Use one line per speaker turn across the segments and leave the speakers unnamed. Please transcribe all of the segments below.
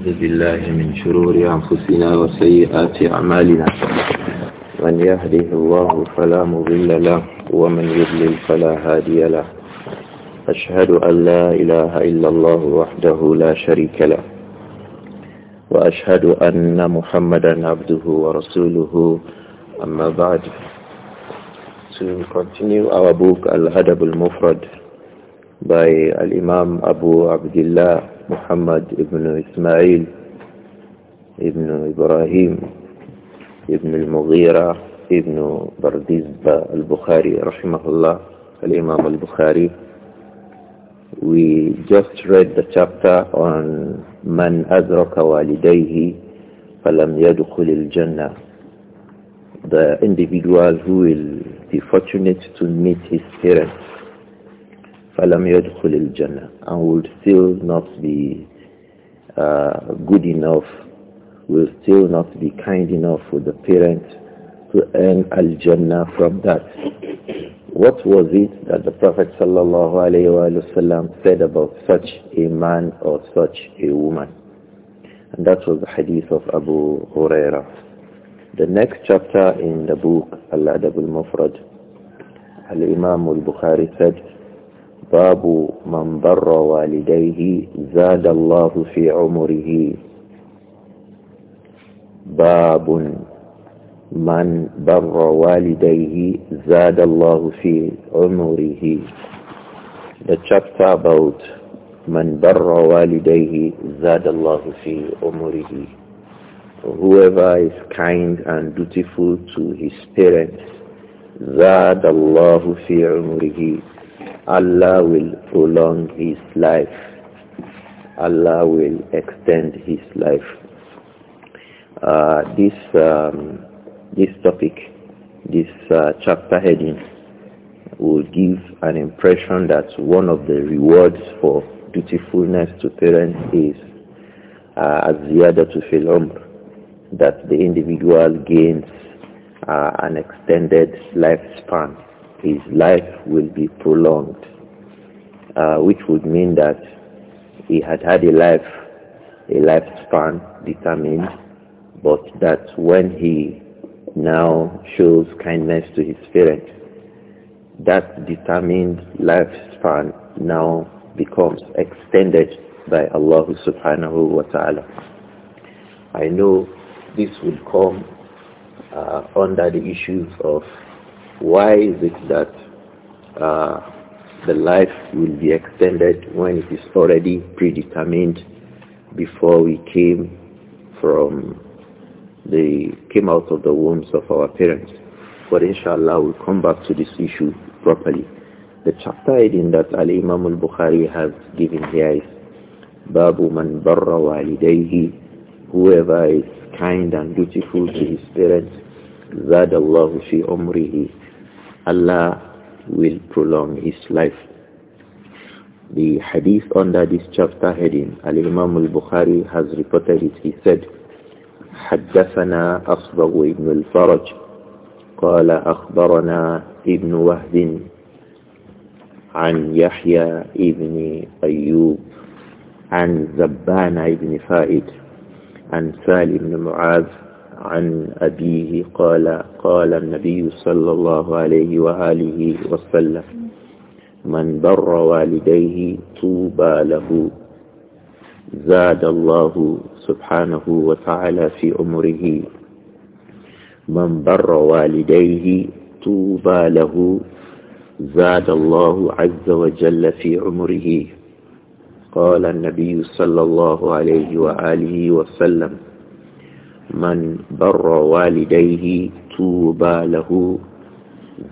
أعوذ بالله من شرور أنفسنا وسيئات أعمالنا من يهده الله فلا مضل له ومن يضلل فلا هادي له أشهد أن لا إله إلا الله وحده لا شريك له وأشهد أن محمدا عبده ورسوله أما بعد To continue our book Al-Hadab al-Mufrad by Al-Imam Abu Abdullah محمد ابن إسماعيل ابن إبراهيم ابن المغيرة ابن برديزبة البخاري رحمه الله الإمام البخاري We just read the chapter on من أدرك والديه فلم يدخل الجنة The individual who will be fortunate to meet his parents فَلَمْ يَدْخُلِ jannah, and would still not be uh, good enough, will still not be kind enough for the parents to earn al-jannah from that. What was it that the Prophet wasallam said about such a man or such a woman? And that was the hadith of Abu Huraira. The next chapter in the book, Al-Adab al-Mufrad, Al-Imam al-Bukhari said, باب من ضر والديه زاد الله في عمره باب من بر والديه زاد الله في عمره The chapter about من بر والديه زاد الله في عمره Whoever is kind and dutiful to his parents زاد الله في عمره Allah will prolong his life. Allah will extend his life. Uh, this um, this topic, this uh, chapter heading, will give an impression that one of the rewards for dutifulness to parents is uh, other to umr, that the individual gains uh, an extended lifespan his life will be prolonged, uh, which would mean that he had had a life, a lifespan determined, but that when he now shows kindness to his parents, that determined lifespan now becomes extended by Allah subhanahu wa ta'ala. I know this will come uh, under the issues of why is it that uh, the life will be extended when it is already predetermined before we came from the came out of the wombs of our parents. But inshallah we'll come back to this issue properly. The chapter heading that Al Imam al Bukhari has given here is Babu Man Barra Walidayhi whoever is kind and dutiful to his parents Zad Allah fi umrihi Allah will prolong his life. The hadith under this chapter heading, Al-Imam al-Bukhari has reported it. He said, حدثنا أصبغ بن الفرج قال أخبرنا ابن وهد عن يحيى ابن أيوب عن زبان ابن فائد عن سالم بن معاذ عن أبيه قال قال النبي صلى الله عليه وآله وسلم من بر والديه طوبى له زاد الله سبحانه وتعالى في عمره من بر والديه طوبى له زاد الله عز وجل في عمره قال النبي صلى الله عليه وآله وسلم من بر والديه طوبى له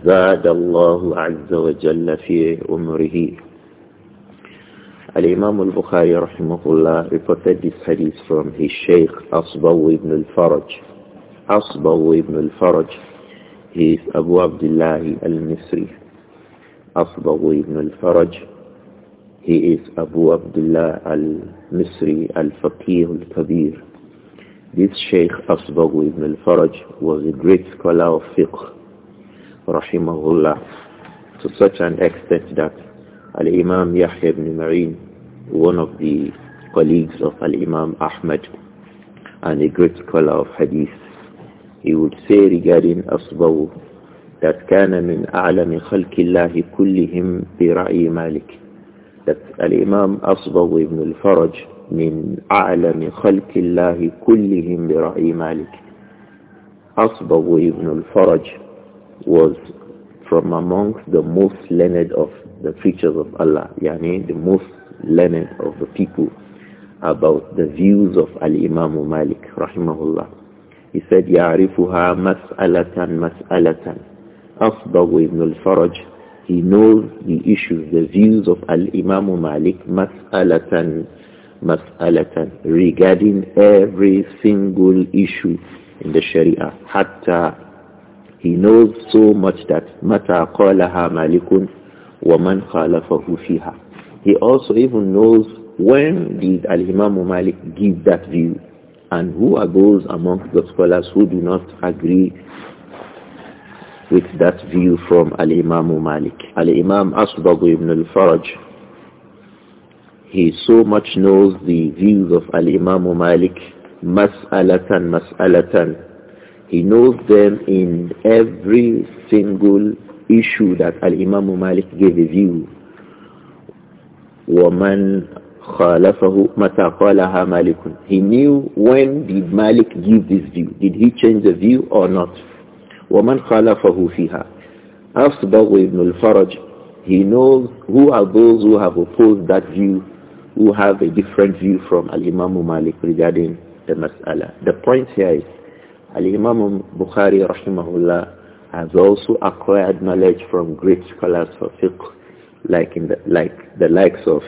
زاد الله عز وجل في عمره الإمام البخاري رحمه الله reported this hadith from his Shaykh Asbaw ibn al-Faraj Asbaw ibn al-Faraj he is Abu Abdullah al-Misri Asbaw ibn al-Faraj he is Abu Abdullah al-Misri al-Faqih al-Kabir This Sheikh Asbagh ibn al-Faraj was a great scholar of fiqh, rahimahullah, to such an extent that Al-Imam Yahya ibn Ma'in, one of the colleagues of Al-Imam Ahmad and a great scholar of hadith, he would say regarding Asbagh that كان من أعلم خلق الله كلهم برأي مالك that Al-Imam Asbagh ibn al-Faraj من أعلم خلق الله كلهم برأي مالك الفرج was from amongst the most learned of the creatures of Allah يعني the most learned of the people about the views of Al-Imam Malik rahimahullah he said يعرفها مسألة مسألة أصبغ ابن الفرج he knows the issues, the views of Al-Imam Malik, mas'alatan regarding every single issue in the Sharia. Hatta he knows so much that mata qalaha malikun wa man khalafahu He also even knows when did Al-Imam Malik give that view and who are those among the scholars who do not agree with that view from Al-Imam Malik. Al-Imam Asbagh ibn al-Faraj he so much knows the views of Al-Imam Malik mas'alatan mas'alatan. He knows them in every single issue that Al-Imam Malik gave a view. وَمَنْ خَالَفَهُ مَتَى قَالَهَا مَالِكٌ He knew when did Malik give this view. Did he change the view or not? وَمَنْ خَالَفَهُ فِيهَا أَصْبَغُ ibn al-Faraj He knows who are those who have opposed that view who have a different view from Al-Imam Malik regarding the Mas'ala. The point here is Al-Imam Bukhari rahimahullah has also acquired knowledge from great scholars of fiqh like, in the, like the likes of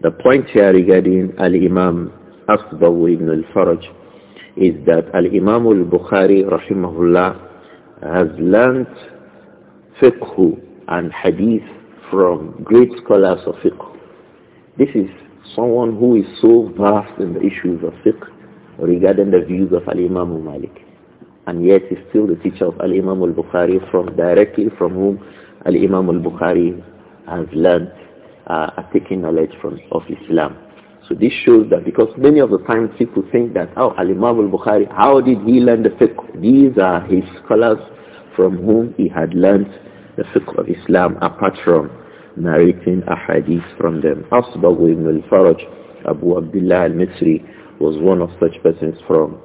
the point here regarding Al-Imam Asbawi ibn al-Faraj is that Al-Imam al-Bukhari rahimahullah has learnt fiqh and hadith from great scholars of fiqh this is someone who is so vast in the issues of fiqh regarding the views of Al-Imam Malik. And yet he's still the teacher of Al-Imam al-Bukhari from directly from whom Al-Imam al-Bukhari has learned uh, taking knowledge from of Islam. So this shows that because many of the times people think that, oh, Al-Imam al-Bukhari, how did he learn the fiqh? These are his scholars from whom he had learned the fiqh of Islam apart from narrating a hadith from them. Asbagh ibn al-Faraj, Abu Abdullah al-Misri, was one of such persons from,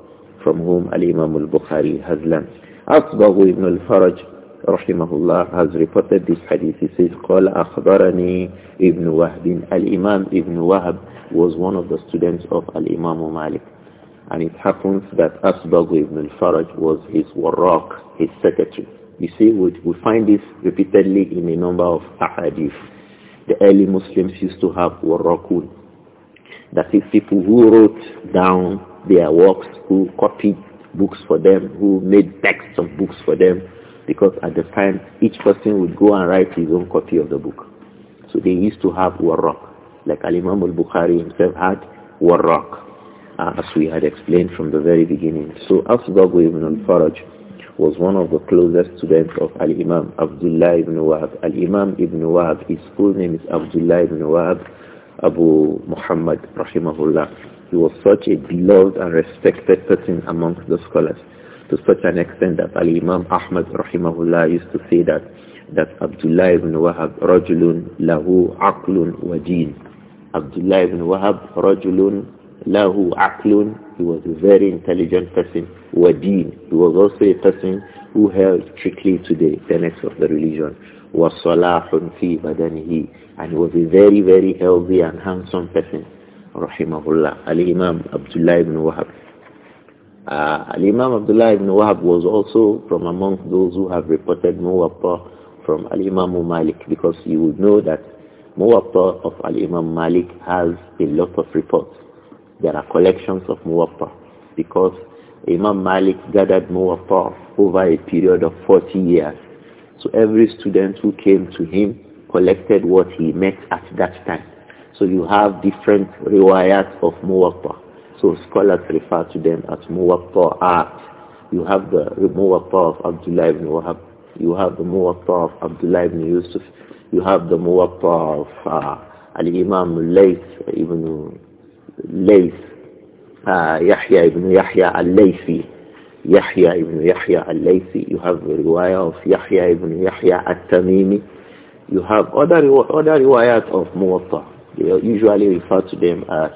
from whom Al-Imam al-Bukhari has learned. Asbagh ibn al-Faraj, rahimahullah, has reported this hadith. He says, قال أخبرني ابن وهب. Al-Imam ibn Wahb was one of the students of Al-Imam Malik. And it happens that Asbagh ibn al-Faraj was his warraq, his secretary. You see, we, we find this repeatedly in a number of ahadith. The early Muslims used to have warakun, That is people who wrote down their works, who copied books for them, who made texts of books for them, because at the time each person would go and write his own copy of the book. So they used to have warak, like Al-Imam al-Bukhari himself had warak, uh, as we had explained from the very beginning. So we ibn al-Faraj, was one of the closest students of Al-Imam Abdullah ibn Wahab. Al-Imam ibn Wahab, his full name is Abdullah ibn Wahab Abu Muhammad rahimahullah. He was such a beloved and respected person amongst the scholars to such an extent that Al-Imam Ahmad rahimahullah used to say that that Abdullah ibn Wahab rajulun lahu aqlun wa Abdullah ibn Wahab rajulun lahu aklun, he was a very intelligent person, wadeen, he was also a person who held strictly to the tenets of the religion, was salahun fi badanihi, and he was a very, very healthy and handsome person, rahimahullah, al-imam Abdullah ibn Wahab. Uh, al-imam Abdullah ibn Wahab was also from among those who have reported Muwatta from al-imam Malik, because you would know that Muwatta of al-imam Malik has a lot of reports. There are collections of Muwatta because Imam Malik gathered Muwatta over a period of 40 years. So every student who came to him collected what he met at that time. So you have different riwayat of Muwatta. So scholars refer to them as art. You have the Muwatta of Abdullah ibn Wahab. You have the Muwatta of Abdullah ibn Yusuf. You have the Muwatta of uh, Al-Imam al-Layth ibn ليث يحيى ابن يحيى الليثي يحيى ابن يحيى الليثي you have a riwayah of يحيى ابن يحيى التميمي you have other other riwayat of muwatta they usually refer to them as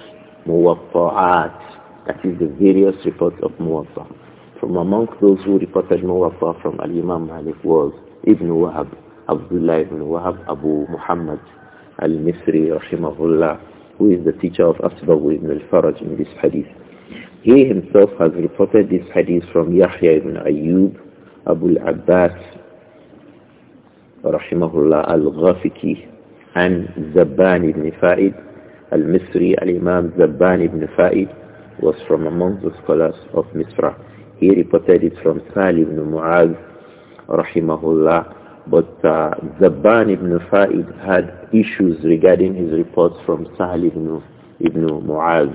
muwatta'at that is the various reports of muwatta from among those who reported muwatta from الإمام مالك was ابن وهب عبد الله ابن وهب أبو محمد المصري رحمه الله who is the teacher of Asbahu ibn al-Faraj in this hadith. He himself has reported this hadith from Yahya ibn Ayyub, Abu al-Abbas, rahimahullah al-Ghafiki, and Zabban ibn Fa'id, al-Misri, al-Imam Zabban ibn Fa'id, was from among the scholars of Misra. He reported it from Salih ibn Mu'adh, rahimahullah, But uh, Zabban ibn Fa'id had issues regarding his reports from Sahal ibn, ibn Mu'az.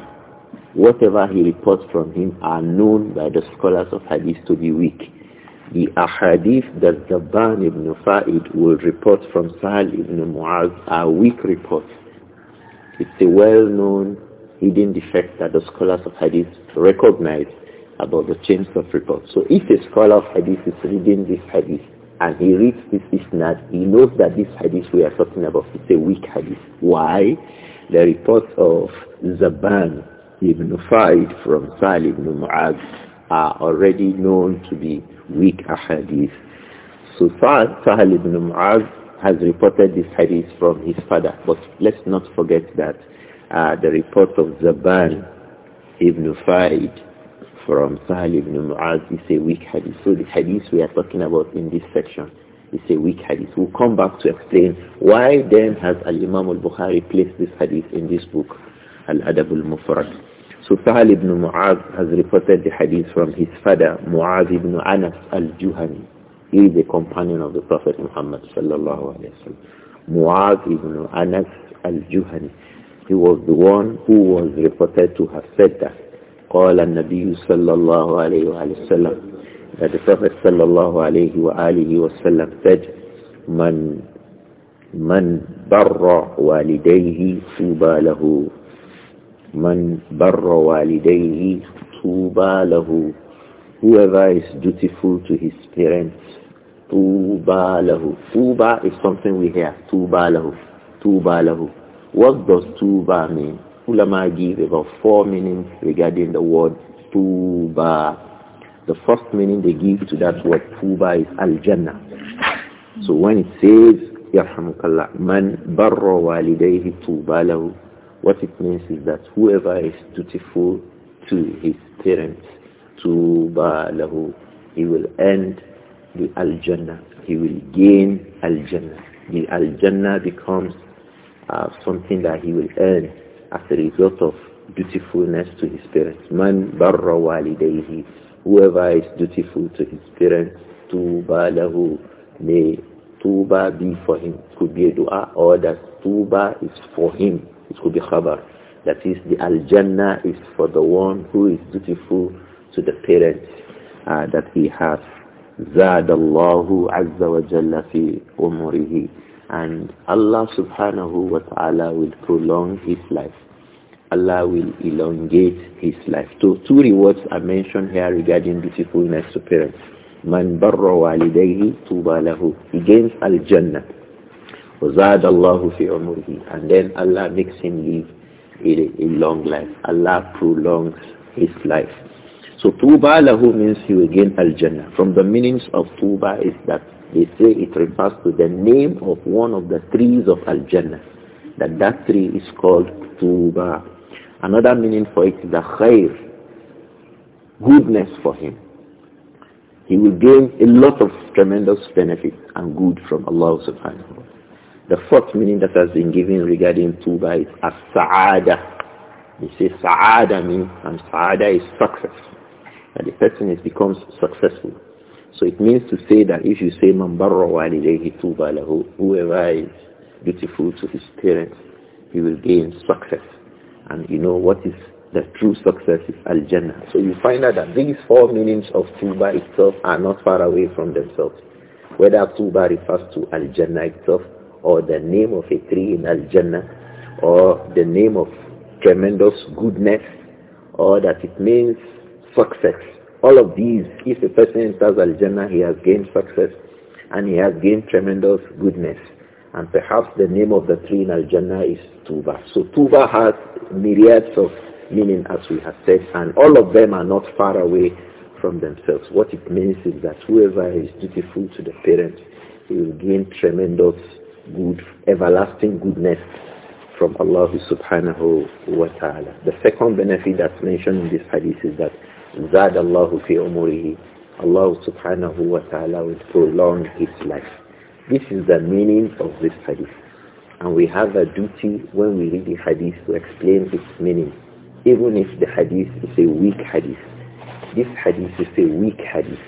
Whatever he reports from him are known by the scholars of hadith to be weak. The ahadith that Zabban ibn Fa'id will report from Sahal ibn Mu'az are weak reports. It's a well-known hidden defect that the scholars of hadith recognize about the chains of reports. So if a scholar of hadith is reading this hadith, and he reads this isnad, he knows that this hadith we are talking about is a weak hadith. Why? The report of Zaban ibn Fa'id from Salih ibn Mu'adh are already known to be weak hadith. So Sahal ibn Mu'adh has reported this hadith from his father. But let's not forget that uh, the report of Zaban ibn Fa'id from Sahal ibn Mu'az it's a weak hadith. So the hadith we are talking about in this section is a weak hadith. We'll come back to explain why then has Al-Imam al-Bukhari placed this hadith in this book, Al-Adab al-Mufrad. So Sahal ibn Mu'az has reported the hadith from his father, Mu'az ibn Anas al-Juhani. He is a companion of the Prophet Muhammad sallallahu alayhi wa sallam. Mu'az ibn Anas al-Juhani. He was the one who was reported to have said that قال النبي صلى الله عليه وآله وسلم اتفق صلى الله عليه وآله وسلم تج من من بر والديه طوبى له من بر والديه طوبى له whoever is dutiful to his parents طوبى له طوبى is something we hear طوبى له طوبى له what does طوبى mean Ulama give about four meanings regarding the word Tuba. The first meaning they give to that word Tuba is Al-Jannah. So when it says, Yarhamukallah, Man barra walidayhi Tuba lahu, what it means is that whoever is dutiful to his parents, Tuba lahu, he will end the Al-Jannah. He will gain Al-Jannah. The Al-Jannah becomes uh, something that he will earn as a result of dutifulness to his parents. Man barra walidayhi. Whoever is dutiful to his parents, tuba lahu. May tuba be for him. It could be a dua or that tuba is for him. It could be khabar. That is, the al-jannah is for the one who is dutiful to the parents uh, that he has. زاد الله عز وجل في أمره and Allah subhanahu wa ta'ala will prolong his life. Allah will elongate his life. So two rewards are mentioned here regarding dutifulness to parents. Man barra walidayhi tuba lahu. He gains al-jannah. وزاد الله في عمره and then Allah makes him live a, a long life. Allah prolongs his life. So Tuba lahu means you again Al-Jannah. From the meanings of Tuba is that they say it refers to the name of one of the trees of Al-Jannah. That that tree is called Tuba. Another meaning for it is the khair, goodness for him. He will gain a lot of tremendous benefit and good from Allah subhanahu wa ta'ala. The fourth meaning that has been given regarding Tuba is as-sa'ada. You see, sa'ada means, and sa'ada is success that the person is, becomes successful. So it means to say that if you say man barra walidayhi tuba lahu, whoever is dutiful to his parents, he will gain success. And you know what is the true success is al-jannah. So you find out that these four meanings of tuba itself are not far away from themselves. Whether tuba refers to al-jannah itself, or the name of a tree in al-jannah, or the name of tremendous goodness, or that it means success. All of these, if a person enters Al-Jannah, he has gained success and he has gained tremendous goodness. And perhaps the name of the tree in Al-Jannah is Tuba. So Tuba has myriads of meaning as we have said, and all of them are not far away from themselves. What it means is that whoever is dutiful to the parents, he will gain tremendous good, everlasting goodness from Allah subhanahu wa ta'ala. The second benefit that's mentioned in this hadith is that زاد الله في أمره Allah subhanahu wa ta'ala will prolong his life. This is the meaning of this hadith. And we have a duty when we read the hadith to explain its meaning, even if the hadith is a weak hadith. This hadith is a weak hadith.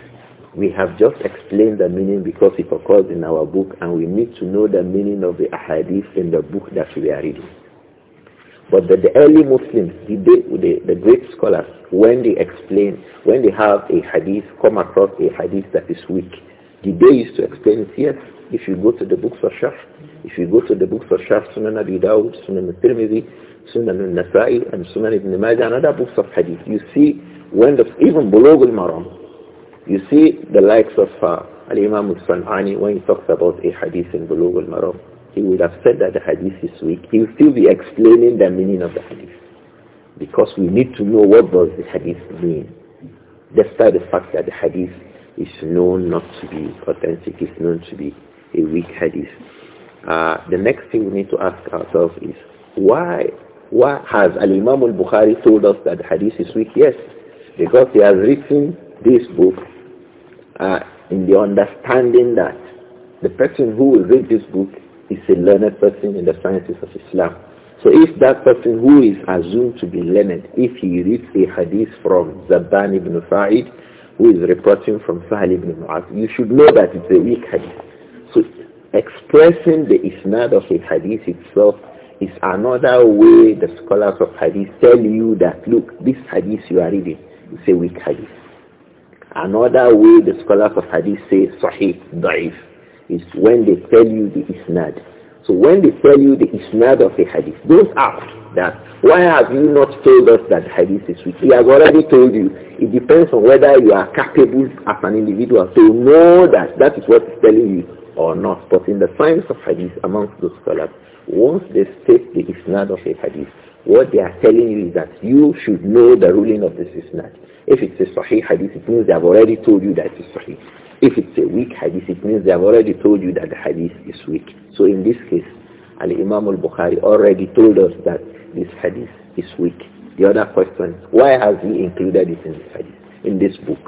We have just explained the meaning because it occurs in our book and we need to know the meaning of the hadith in the book that we are reading. But the, the early Muslims, the, the, the great scholars, when they explain, when they have a hadith, come across a hadith that is weak, they used to explain it? Yes, if you go to the books of Shaf, if you go to the books of Shaf, Sunan Abi Dawud, Sunan al-Tirmidhi, Sunan al-Nasai, and Sunan ibn Majah, and other books of hadith, you see when the, even below al-Maram, you see the likes of uh, Al-Imam al-San'ani when he talks about a hadith in below al-Maram, he would have said that the hadith is weak. He will still be explaining the meaning of the hadith. Because we need to know what does the hadith mean. Despite the fact that the hadith is known not to be authentic, It's known to be a weak hadith. Uh, the next thing we need to ask ourselves is, why, why has Al-Imam al-Bukhari told us that the hadith is weak? Yes, because he has written this book uh, in the understanding that the person who will read this book is a learned person in the sciences of Islam. So if that person who is assumed to be learned, if he reads a hadith from Zabban ibn Sa'id, who is reporting from Sahal ibn Mu'az, you should know that it's a weak hadith. So expressing the isnad of a hadith itself is another way the scholars of hadith tell you that, look, this hadith you are reading is a weak hadith. Another way the scholars of hadith say sahih, da'if is when they tell you the isnad. So when they tell you the isnad of a hadith, don't ask that, why have you not told us that hadith is weak? He has already told you. It depends on whether you are capable as an individual to know that that is what he's telling you or not. But in the science of hadith amongst those scholars, once they state the isnad of a hadith, what they are telling you is that you should know the ruling of this isnad. If it's a sahih hadith, it means they have already told you that it's sahih. If it's a weak hadith, it means they have already told you that the hadith is weak. So in this case, Ali imam al-Bukhari already told us that this hadith is weak. The other question, why has he included it in this hadith, in this book?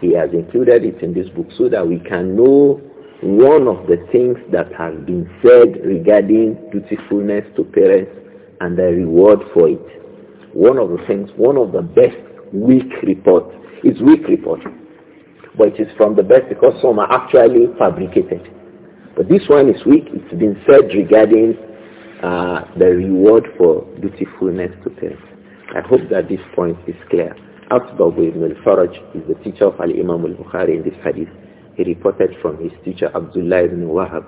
He has included it in this book so that we can know one of the things that has been said regarding dutifulness to parents and the reward for it. One of the things, one of the best weak reports, is weak report but it is from the best because some are actually fabricated. But this one is weak. It's been said regarding uh, the reward for dutifulness to parents. I hope that this point is clear. Abdul ibn al-Faraj is the teacher of al-Imam al-Bukhari in this hadith. He reported from his teacher Abdullah ibn Wahab,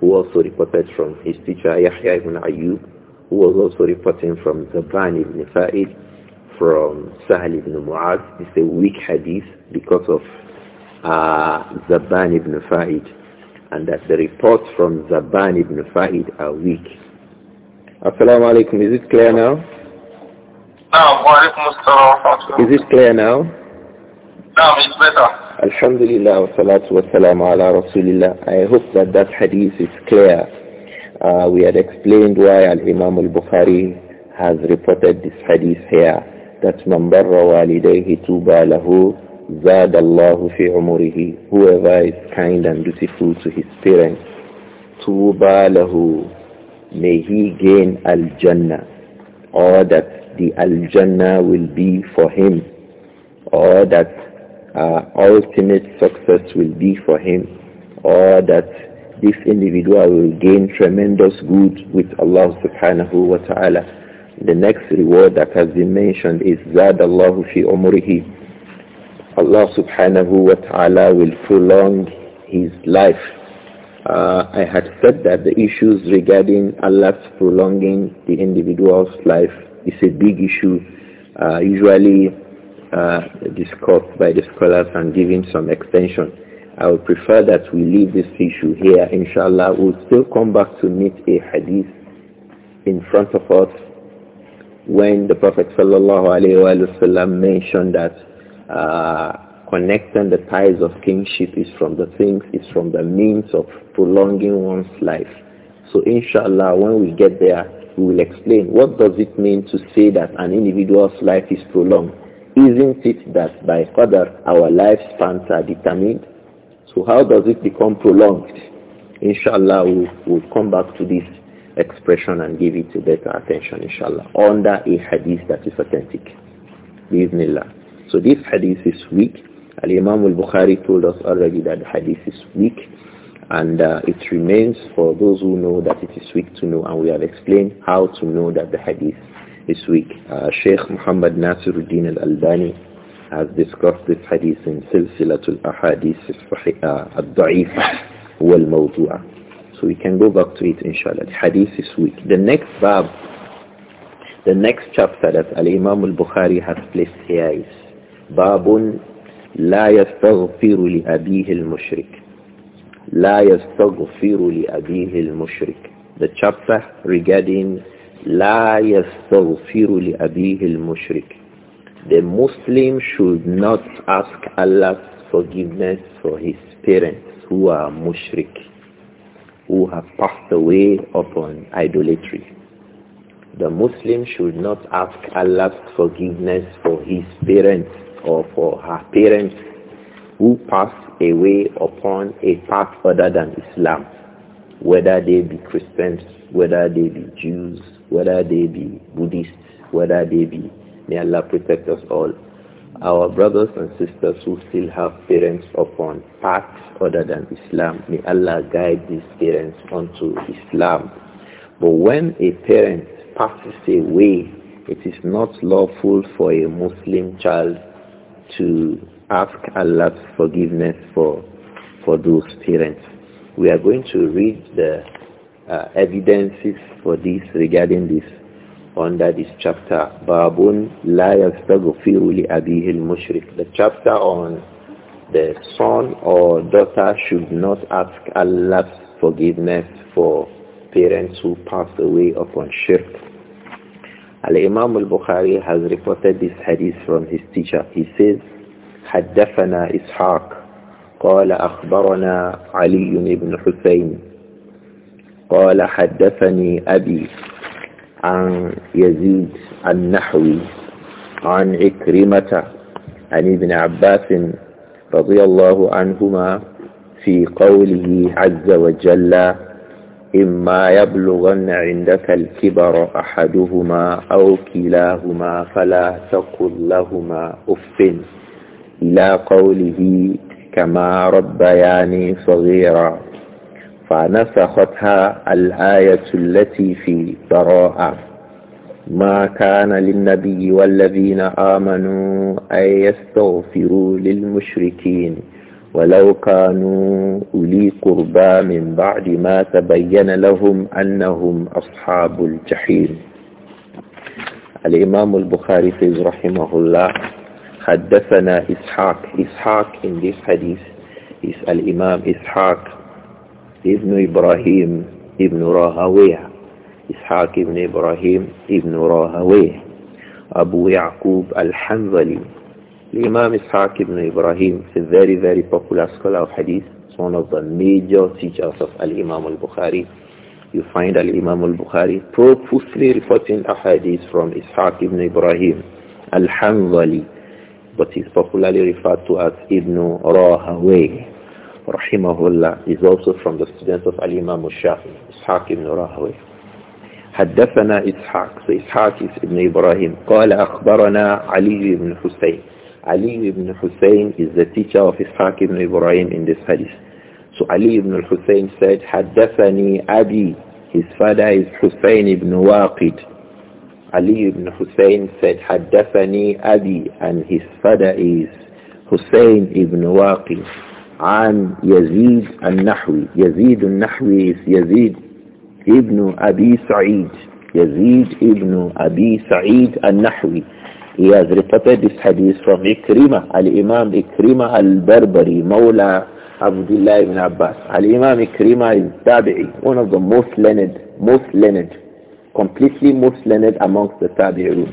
who also reported from his teacher Yahya ibn Ayyub, who was also reporting from Zabran ibn Fa'id, from Sahal ibn Mu'adh. It's a weak hadith because of uh, ibn Fahid, and that the reports from Zabani ibn Fahid are weak. Assalamu alaikum. Is it clear now? Is it clear now?
No, it's better.
Alhamdulillah wa salatu wa ala rasulillah. I hope that that hadith is clear. Uh, we had explained why Al-Imam al-Bukhari has reported this hadith here that man barra walidayhi tuba lahu زاد الله في عمره whoever is kind and dutiful to his parents طوبى له may he gain al-jannah or that the al-jannah will be for him or that uh, ultimate success will be for him or that this individual will gain tremendous good with Allah subhanahu wa ta'ala. The next reward that has been mentioned is زاد الله في عمره Allah subhanahu wa ta'ala will prolong his life. Uh, I had said that the issues regarding Allah's prolonging the individual's life is a big issue, uh, usually uh, discussed by the scholars and given some extension. I would prefer that we leave this issue here, inshallah. We'll still come back to meet a hadith in front of us when the Prophet sallallahu alaihi wasallam mentioned that uh, connecting the ties of kingship is from the things, is from the means of prolonging one's life. So inshallah, when we get there, we will explain what does it mean to say that an individual's life is prolonged. Isn't it that by Qadr our lifespans are determined? So how does it become prolonged? Inshallah, we will come back to this expression and give it a better attention, inshallah, under a hadith that is authentic. Bismillah. So this hadith is weak. Al-Imam al-Bukhari told us already that the hadith is weak and uh, it remains for those who know that it is weak to know and we have explained how to know that the hadith is weak. Uh, Sheikh Muhammad Nasiruddin al-Albani has discussed this hadith in Silsilatul Ahadith al uh, Daif wal-Mawdu'a. So we can go back to it inshallah. The hadith is weak. The next bab, the next chapter that Al-Imam al-Bukhari has placed here is باب لا يستغفر لأبيه المشرك لا يستغفر لأبيه المشرك The chapter regarding لا يستغفر لأبيه المشرك The Muslim should not ask Allah's forgiveness for his parents who are mushrik, who have passed away upon idolatry. The Muslim should not ask Allah's forgiveness for his parents or for her parents who passed away upon a path other than Islam, whether they be Christians, whether they be Jews, whether they be Buddhists, whether they be, may Allah protect us all, our brothers and sisters who still have parents upon paths other than Islam, may Allah guide these parents unto Islam. But when a parent passes away, it is not lawful for a Muslim child to ask Allah's forgiveness for, for those parents. We are going to read the uh, evidences for this regarding this under this chapter babun la yastaghfiru li abihi al-mushrik the chapter on the son or daughter should not ask Allah's forgiveness for parents who passed away upon shirk Al-Imam al-Bukhari has reported this hadith from his teacher. He says, حدثنا إسحاق قال أخبرنا علي بن حسين قال حدثني أبي عن يزيد النحوي عن عكرمة عن ابن عباس رضي الله عنهما في قوله عز وجل إما يبلغن عندك الكبر أحدهما أو كلاهما فلا تقل لهما أف إلى قوله كما ربياني صغيرا فنسختها الآية التي في براءة ما كان للنبي والذين آمنوا أن يستغفروا للمشركين ولو كانوا أولي قربى من بعد ما تبين لهم أنهم أصحاب الجحيم الإمام البخاري فيز رحمه الله حدثنا إسحاق إسحاق in this hadith is الإمام إسحاق ابن إبراهيم ابن راهويه إسحاق ابن إبراهيم ابن راهويه أبو يعقوب الحنظلي Imam Ishaq ibn Ibrahim is a very, very popular scholar of hadith. He's one of the major teachers of Al-Imam al-Bukhari. You find Al-Imam al-Bukhari profusely reporting ahadith from Ishaq ibn Ibrahim al-Hanzali, but he's popularly referred to as Ibn Rahaway. Rahimahullah is also from the students of Al-Imam al-Shafi, Ishaq ibn Rahaway. حدثنا إسحاق so إسحاق ابن إبراهيم قال أخبرنا علي بن حسين Ali ibn Hussein is the teacher of Ishaq ibn Ibrahim in this hadith. So Ali ibn Hussein said, Haddathani Abi, his father is Hussein ibn Waqid. Ali ibn Hussein said, Haddathani Abi, and his father is Hussein ibn Waqid. عن يزيد النحوي يزيد النحوي is يزيد ابن أبي سعيد يزيد ابن أبي سعيد النحوي he has reported this hadith from Ikrimah, Al-Imam Ikrimah Al-Barbari, Mawla Abdullah ibn Abbas. Al-Imam Ikrimah is Tabi'i, one of the most learned, most learned, completely most learned amongst the Tabi'un.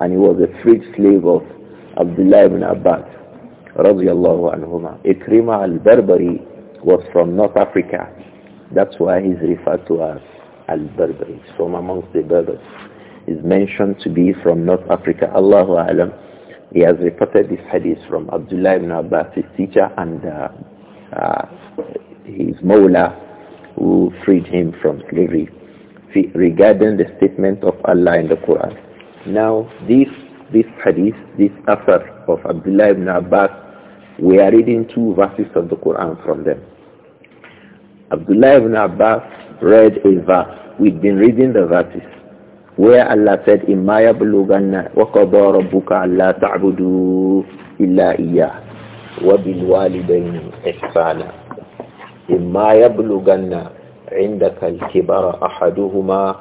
And he was a freed slave of Abdullah ibn Abbas, radiyallahu anhuma. Ikrimah Al-Barbari was from North Africa. That's why he's referred to as Al-Barbari, from amongst the Berbers is mentioned to be from North Africa. Allahu Alam. He has reported this hadith from Abdullah ibn Abbas, his teacher, and uh, uh, his Mawla, who freed him from slavery, regarding the statement of Allah in the Quran. Now, this, this hadith, this affair of Abdullah ibn Abbas, we are reading two verses of the Quran from them. Abdullah ibn Abbas read a verse. We've been reading the verses. where Allah إما يبلغن وَقَضَى رَبُّكَ أَلَّا تَعْبُدُوا إِلَّا إِيَّاهُ وَبِالْوَالِدَيْنِ إِحْسَانًا إِمَّا يَبْلُغَنَّ عِندَكَ الْكِبَرَ أَحَدُهُمَا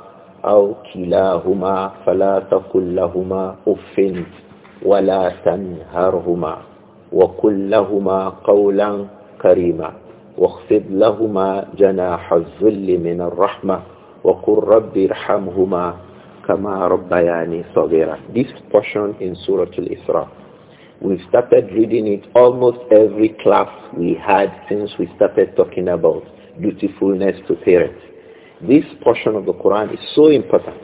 أَوْ كِلَاهُمَا فَلَا تَقُل لَّهُمَا أُفٍّ وَلَا تَنْهَرْهُمَا وَقُل لَّهُمَا قَوْلًا كَرِيمًا واخفض لهما جناح الذل من الرحمة وقل رب ارحمهما كما ربياني This portion in Surah Al-Isra. we started reading it almost every class we had since we started talking about dutifulness to parents. This portion of the Quran is so important.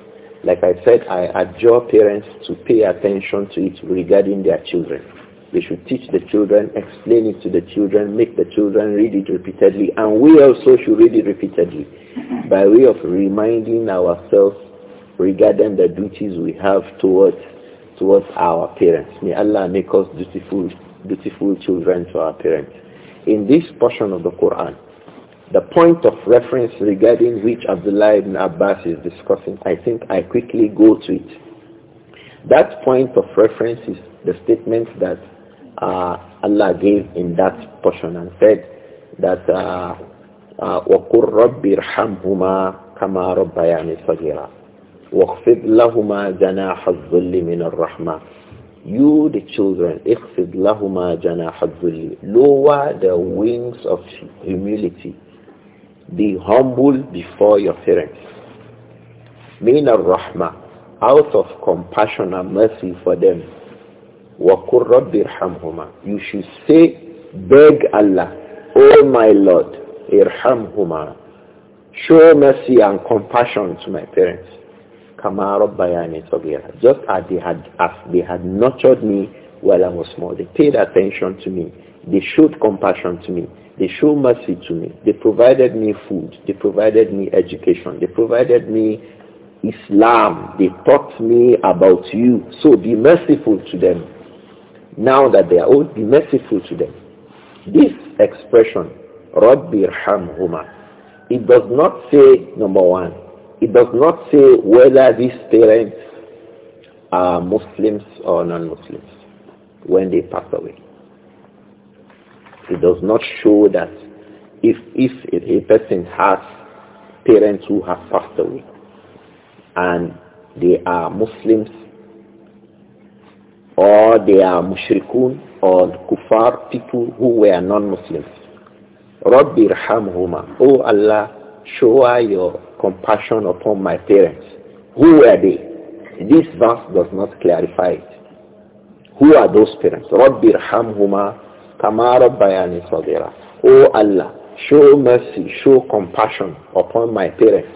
Like I said, I adjure parents to pay attention to it regarding their children. They should teach the children, explain it to the children, make the children read it repeatedly, and we also should read it repeatedly by way of reminding ourselves regarding the duties we have towards towards our parents. May Allah make us dutiful dutiful children to our parents. In this portion of the Quran, the point of reference regarding which Abdullah ibn Abbas is discussing, I think I quickly go to it. That point of reference is the statement that uh, Allah gave in that portion and said that uh, uh, وَقُلْ رَبِّ ارْحَمْهُمَا كَمَا رَبَّيَانِ صَغِيرًا وَخْفِضْ لَهُمَا جَنَاحَ الظُّلِّ مِنَ الرَّحْمَةِ You, the children, اخفض لَهُمَا جَنَاحَ الظُّلِّ Lower the wings of humility. Be humble before your parents. مِنَ الرَّحْمَةِ Out of compassion and mercy for them. وَقُلْ رَبِّ ارْحَمْهُمَا You should say, beg Allah, O oh my Lord, huma. Show mercy and compassion to my parents. Kama Rabbayani Just as they had as they had nurtured me while I was small. They paid attention to me. They showed compassion to me. They showed mercy to me. They provided me food. They provided me education. They provided me Islam. They taught me about you. So be merciful to them. Now that they are old, be merciful to them. This expression, Rabbi Huma, it does not say, number one, it does not say whether these parents are Muslims or non-Muslims when they pass away. It does not show that if, if a person has parents who have passed away and they are Muslims or they are mushrikun or kuffar people who were non-Muslims. Rabbi irhamhuma. Oh Allah, show your compassion upon my parents. Who were they? This verse does not clarify it. Who are those parents? رَبِّ رَحَمْهُمَا كَمَا رَبَّيَانِ O Allah, show mercy, show compassion upon my parents.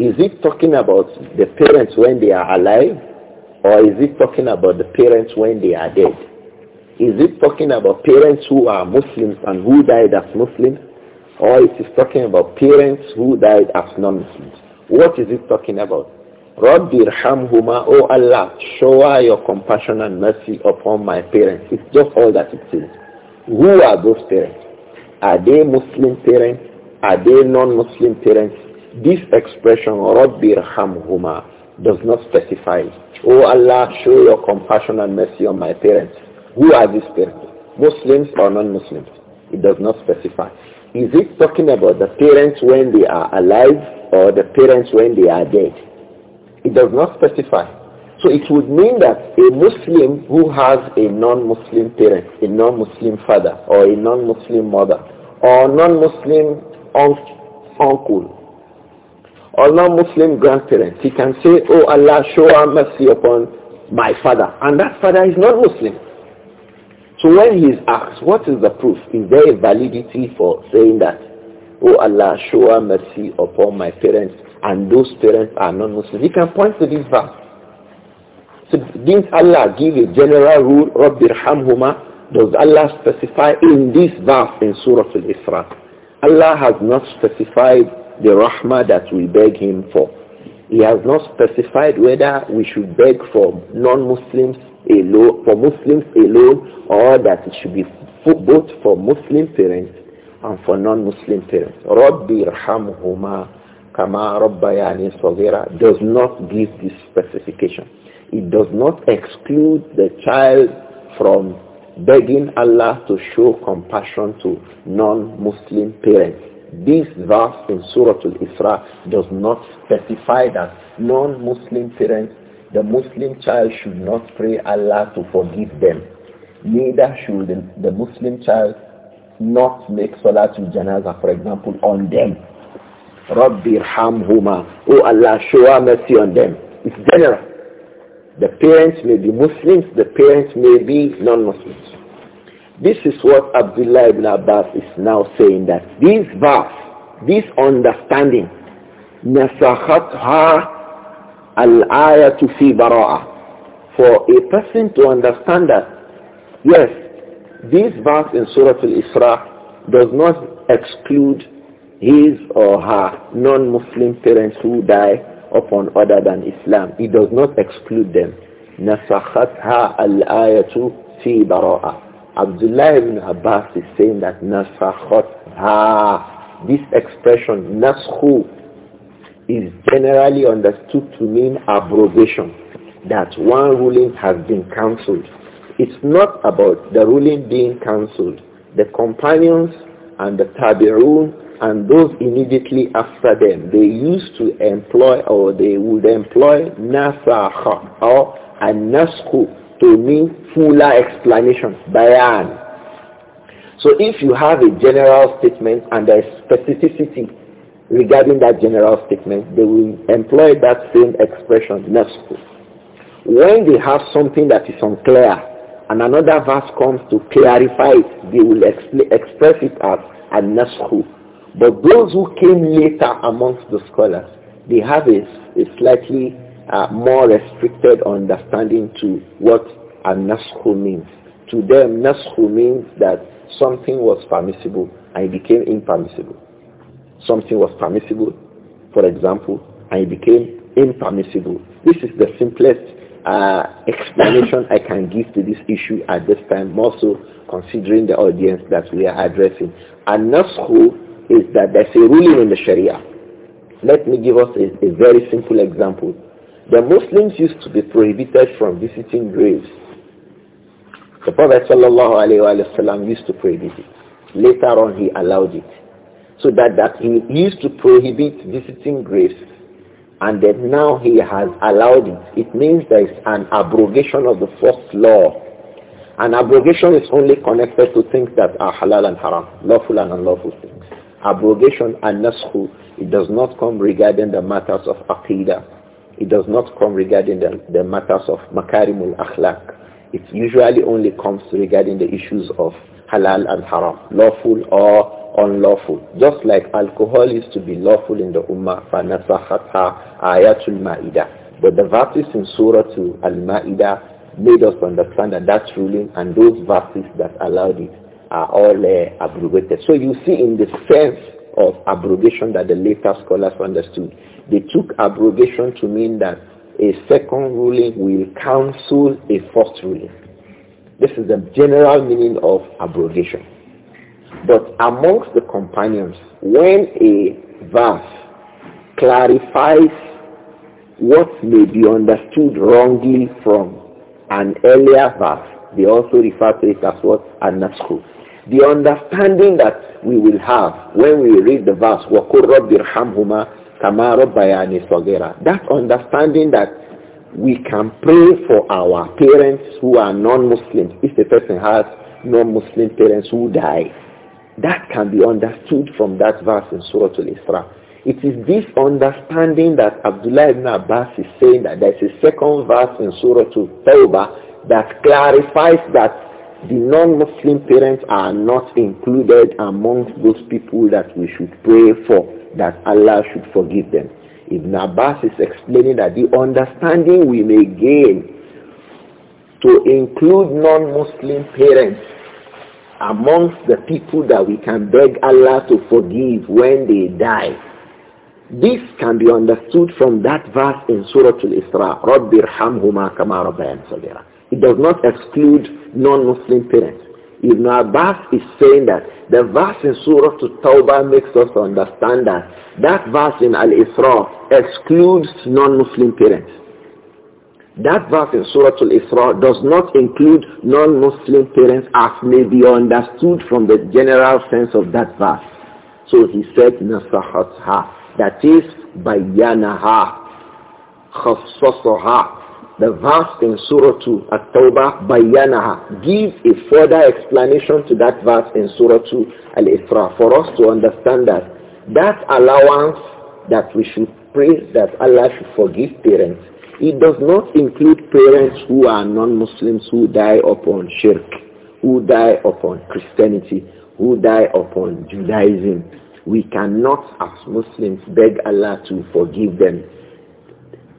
Is it talking about the parents when they are alive? Or is it talking about the parents when they are dead? Is it talking about parents who are Muslims and who died as Muslims? Or it is talking about parents who died as non-Muslims. What is it talking about? Rabbi Huma, O Allah, show your compassion and mercy upon my parents. It's just all that it says. Who are those parents? Are they Muslim parents? Are they non-Muslim parents? This expression, Rabbi Huma, does not specify. O Allah, show your compassion and mercy on my parents. Who are these parents? Muslims or non-Muslims? It does not specify. Is it talking about the parents when they are alive or the parents when they are dead? It does not specify. So it would mean that a Muslim who has a non-Muslim parent, a non-Muslim father, or a non-Muslim mother, or non-Muslim uncle, or non-Muslim grandparents, he can say, Oh Allah, show mercy upon my father. And that father is not Muslim. So when he is asked, what is the proof? Is there a validity for saying that, oh Allah, show mercy upon my parents and those parents are non-Muslims? He can point to this verse. So didn't Allah give a general rule, Rabbi huma? Does Allah specify in this verse in Surah Al-Isra? Allah has not specified the rahmah that we beg him for. He has not specified whether we should beg for non-Muslims alone, for Muslims alone, or that it should be both for Muslim parents and for non-Muslim parents. Rabbi Rahamhuma Kama Rabbayani Savira does not give this specification. It does not exclude the child from begging Allah to show compassion to non-Muslim parents. This verse in Surah Al-Isra does not specify that non-Muslim parents the Muslim child should not pray Allah to forgive them. Neither should the Muslim child not make Salatul Janazah, for example, on them. Rabbi huma, Oh Allah, show mercy on them. It's general. The parents may be Muslims, the parents may be non-Muslims. This is what Abdullah ibn Abbas is now saying that this verse, this understanding, نَسَخَتْهَا Al-ayatu fi bara'ah. For a person to understand that, yes, this verse in Surah Al-Isra does not exclude his or her non-Muslim parents who die upon other than Islam. It does not exclude them. نَسَخَتْهَا الْآيَةُ فِي بَرَاءَ Abdullah ibn Abbas is saying that نَسَخَتْهَا This expression, نَسْخُ is generally understood to mean abrogation, that one ruling has been cancelled. It's not about the ruling being cancelled. The companions and the tabi'un and those immediately after them, they used to employ or they would employ nasaha or anasku to mean fuller explanation, bayan. So if you have a general statement and a specificity regarding that general statement, they will employ that same expression, nafsu. When they have something that is unclear and another verse comes to clarify it, they will expl- express it as a nashu. But those who came later amongst the scholars, they have a, a slightly uh, more restricted understanding to what a nashu means. To them, nashu means that something was permissible and it became impermissible. Something was permissible, for example, and it became impermissible. This is the simplest uh, explanation I can give to this issue at this time, also considering the audience that we are addressing. And Nasru is that there's a ruling in the Sharia. Let me give us a, a very simple example. The Muslims used to be prohibited from visiting graves. The Prophet ﷺ used to prohibit it. Later on he allowed it so that, that he used to prohibit visiting graves and that now he has allowed it. It means there is an abrogation of the first law. An abrogation is only connected to things that are halal and haram, lawful and unlawful things. Abrogation and naskhu, it does not come regarding the matters of aqidah. It does not come regarding the, the matters of makarimul akhlaq. It usually only comes regarding the issues of halal and haram, lawful or unlawful. Just like alcohol is to be lawful in the Ummah, فَنَسَخَتْهَا ayatul ma'idah. But the verses in Surah to Al-Ma'idah made us understand that that ruling and those verses that allowed it are all uh, abrogated. So you see in the sense of abrogation that the later scholars understood, they took abrogation to mean that a second ruling will cancel a first ruling. This is the general meaning of abrogation. But amongst the companions, when a verse clarifies what may be understood wrongly from an earlier verse, they also refer to it as what? An-Nasku. The understanding that we will have when we read the verse, وَقُلْ رَبِّ ارْحَمْهُمَا كَمَا رَبَّيَانِ That understanding that we can pray for our parents who are non-Muslims. If the person has non-Muslim parents who die, that can be understood from that verse in Surah Al-Isra. It is this understanding that Abdullah ibn Abbas is saying that there is a second verse in Surah Al-Tawbah that clarifies that the non-Muslim parents are not included amongst those people that we should pray for, that Allah should forgive them. Ibn Abbas is explaining that the understanding we may gain to include non-Muslim parents amongst the people that we can beg Allah to forgive when they die. This can be understood from that verse in Surah Al-Isra, رَبِّرْحَمْهُمَا كَمَا رَبَّيَنْ صَغِيرًا. It does not exclude non-Muslim parents. Ibn Abbas is saying that the verse in Surah Tawbah makes us understand that that verse in Al-Isra excludes non-Muslim parents. That verse in Surah Al-Isra does not include non-Muslim parents as may be understood from the general sense of that verse. So he said, Nasahatha, that is, Bayanaha, Khassasaha, the verse in Surah 2, At-Tawbah, gives a further explanation to that verse in Surah 2, Al-Isra, for us to understand that that allowance that we should pray that Allah should forgive parents, it does not include parents who are non-Muslims who die upon shirk, who die upon Christianity, who die upon Judaism. We cannot as Muslims beg Allah to forgive them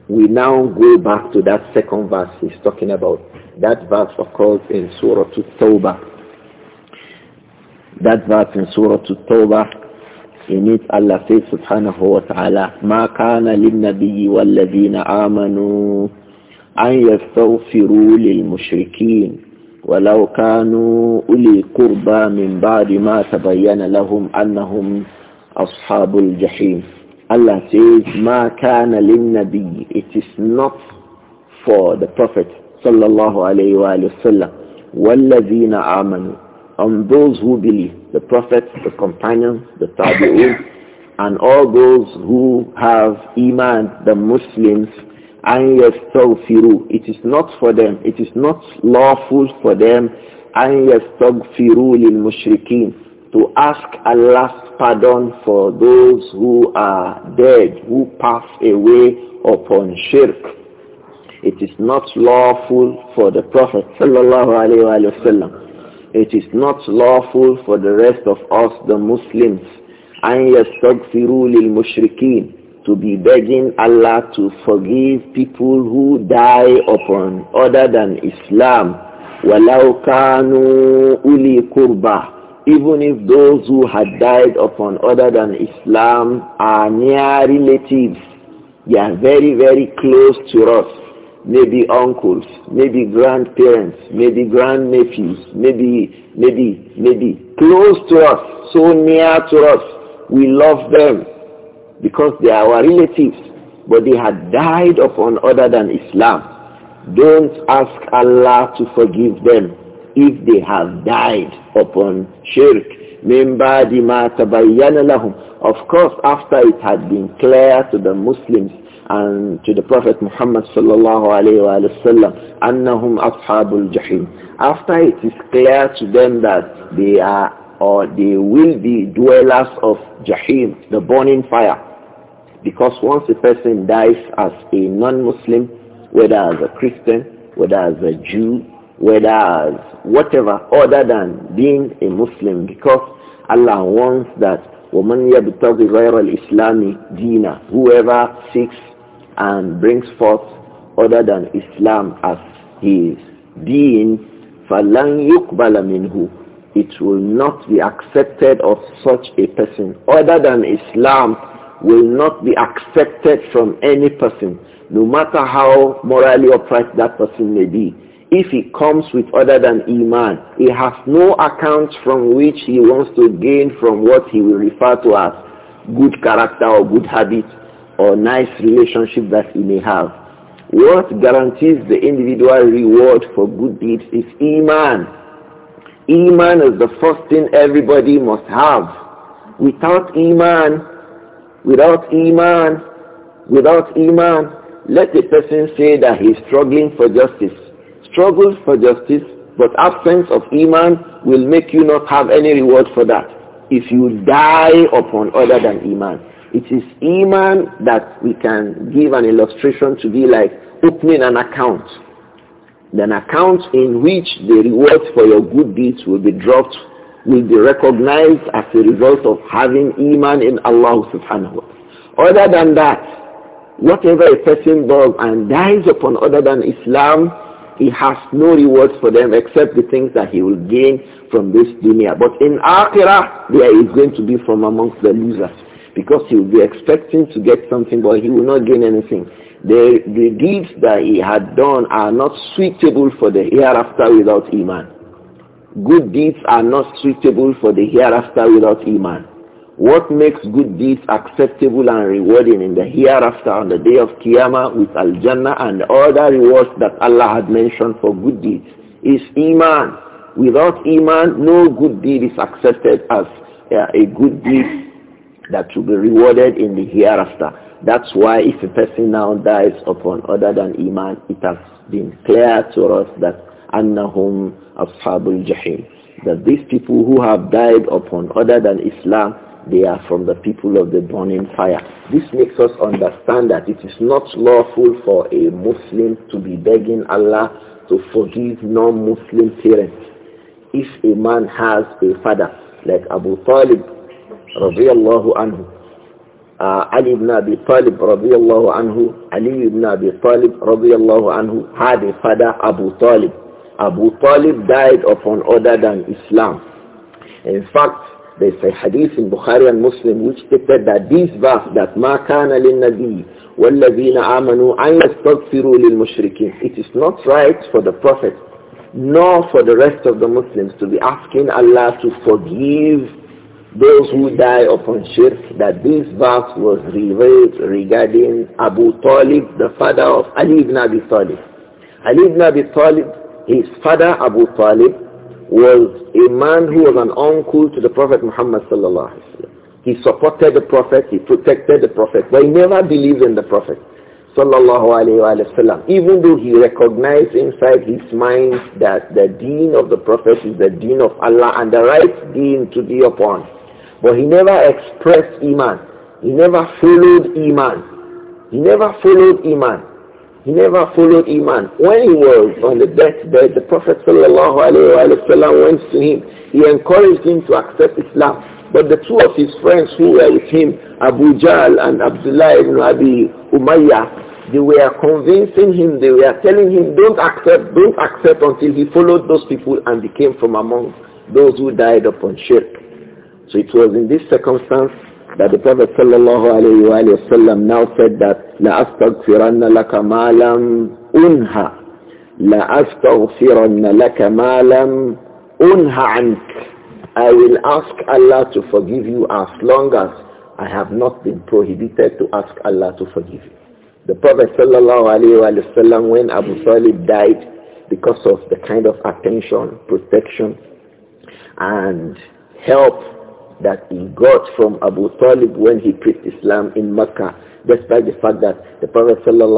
we now go back to that second verse he's talking about. That verse occurs in Surah Tawbah. That verse in Surah Tawbah, in it Allah says subhanahu wa ta'ala, مَا كَانَ لِلنَّبِيِّ وَالَّذِينَ آمَنُوا أَنْ يَسْتَغْفِرُوا لِلْمُشْرِكِينَ ولو كانوا أولي قربى من بعد ما تبين لهم أنهم أصحاب الجحيم Allah says, "Ma kana lin-nabi." is not for the Prophet sallallahu alaihi wasallam. وَالَّذِينَ آمَنُوا On those who believe, the Prophet, the companions, the tabi'un, and all those who have iman, the Muslims, أَنْ يَسْتَغْفِرُوا It is not for them, it is not lawful for them أَنْ يَسْتَغْفِرُوا لِلْمُشْرِكِينَ to ask Allah's pardon for those who are dead, who pass away upon shirk. It is not lawful for the Prophet It is not lawful for the rest of us, the Muslims, أن يستغفروا للمشركين to be begging Allah to forgive people who die upon other than Islam. ولو كانوا أولي even if those who had died upon other than Islam are near relatives, they are very, very close to us, maybe uncles, maybe grandparents, maybe grandnephews, maybe, maybe, maybe, close to us, so near to us, we love them because they are our relatives, but they had died upon other than Islam. Don't ask Allah to forgive them if they have died upon shirk. Of course, after it had been clear to the Muslims and to the Prophet Muhammad sallallahu alayhi wa sallam, annahum ashabul jahim. After it is clear to them that they are or they will be dwellers of jahim, the burning fire. Because once a person dies as a non-Muslim, whether as a Christian, whether as a Jew, whether whatever other than being a Muslim because Allah wants that وَمَنْ يَبْتَغِ غَيْرَ Islamic dina. Whoever seeks and brings forth other than Islam as his deen, فَلَنْ يُقْبَلَ مِنْهُ It will not be accepted of such a person. Other than Islam will not be accepted from any person, no matter how morally upright that person may be if he comes with other than Iman, he has no account from which he wants to gain from what he will refer to as good character or good habit or nice relationship that he may have. What guarantees the individual reward for good deeds is Iman. Iman is the first thing everybody must have. Without Iman, without Iman, without Iman, let a person say that he is struggling for justice struggle for justice, but absence of iman will make you not have any reward for that if you die upon other than iman. It is iman that we can give an illustration to be like opening an account. An account in which the reward for your good deeds will be dropped, will be recognized as a result of having iman in Allah subhanahu wa ta'ala. Other than that, whatever a person does and dies upon other than Islam, he has no rewards for them except the things that he will gain from this dunya. But in akhirah, there is going to be from amongst the losers because he will be expecting to get something, but he will not gain anything. The, the deeds that he had done are not suitable for the hereafter without iman. Good deeds are not suitable for the hereafter without iman. What makes good deeds acceptable and rewarding in the hereafter on the day of Qiyamah with Al-Jannah and other rewards that Allah had mentioned for good deeds is Iman. Without Iman, no good deed is accepted as uh, a good deed that will be rewarded in the hereafter. That's why if a person now dies upon other than Iman, it has been clear to us that annahum ashabul jahim, that these people who have died upon other than Islam, they are from the people of the burning fire. This makes us understand that it is not lawful for a Muslim to be begging Allah to forgive non-Muslim parents. If a man has a father like Abu Talib, radiallahu anhu, uh, Ali ibn Abi Talib radiallahu anhu, Ali ibn Abi Talib radiallahu anhu had a father Abu Talib. Abu Talib died upon other than Islam. In fact, there's a hadith in Bukhari and Muslim which stated that this verse that مَا كَانَ لِلنَّبِيِّ وَالَّذِينَ آمَنُوا أَنْ يَسْتَغْفِرُوا لِلْمُشْرِكِينَ It is not right for the Prophet nor for the rest of the Muslims to be asking Allah to forgive those who die upon shirk that this verse was revealed regarding Abu Talib, the father of Ali ibn Abi Talib. Ali ibn Abi Talib, his father Abu Talib, was a man who was an uncle to the Prophet Muhammad sallallahu alaihi wasallam. He supported the Prophet, he protected the Prophet, but he never believed in the Prophet sallallahu alaihi wasallam. Even though he recognized inside his mind that the deen of the Prophet is the deen of Allah and the right deen to be upon, but he never expressed iman. He never followed iman. He never followed iman. He never followed Iman. When he was on the deathbed, the Prophet ﷺ went to him. He encouraged him to accept Islam. But the two of his friends who were with him, Abu Jal and Abdullah ibn Abi Umayyah, they were convincing him, they were telling him, don't accept, don't accept until he followed those people and became from among those who died upon shirk. So it was in this circumstance that the Prophet sallallahu alayhi wa sallam now said that لَأَسْتَغْفِرَنَّ لَكَ مَا لَمْ أُنْهَى لَأَسْتَغْفِرَنَّ لَكَ مَا لَمْ unha I will ask Allah to forgive you as long as I have not been prohibited to ask Allah to forgive you. The Prophet sallallahu alayhi wa when Abu Talib died because of the kind of attention, protection and help that he got from Abu Talib when he preached Islam in Mecca, despite the fact that the Prophet ﷺ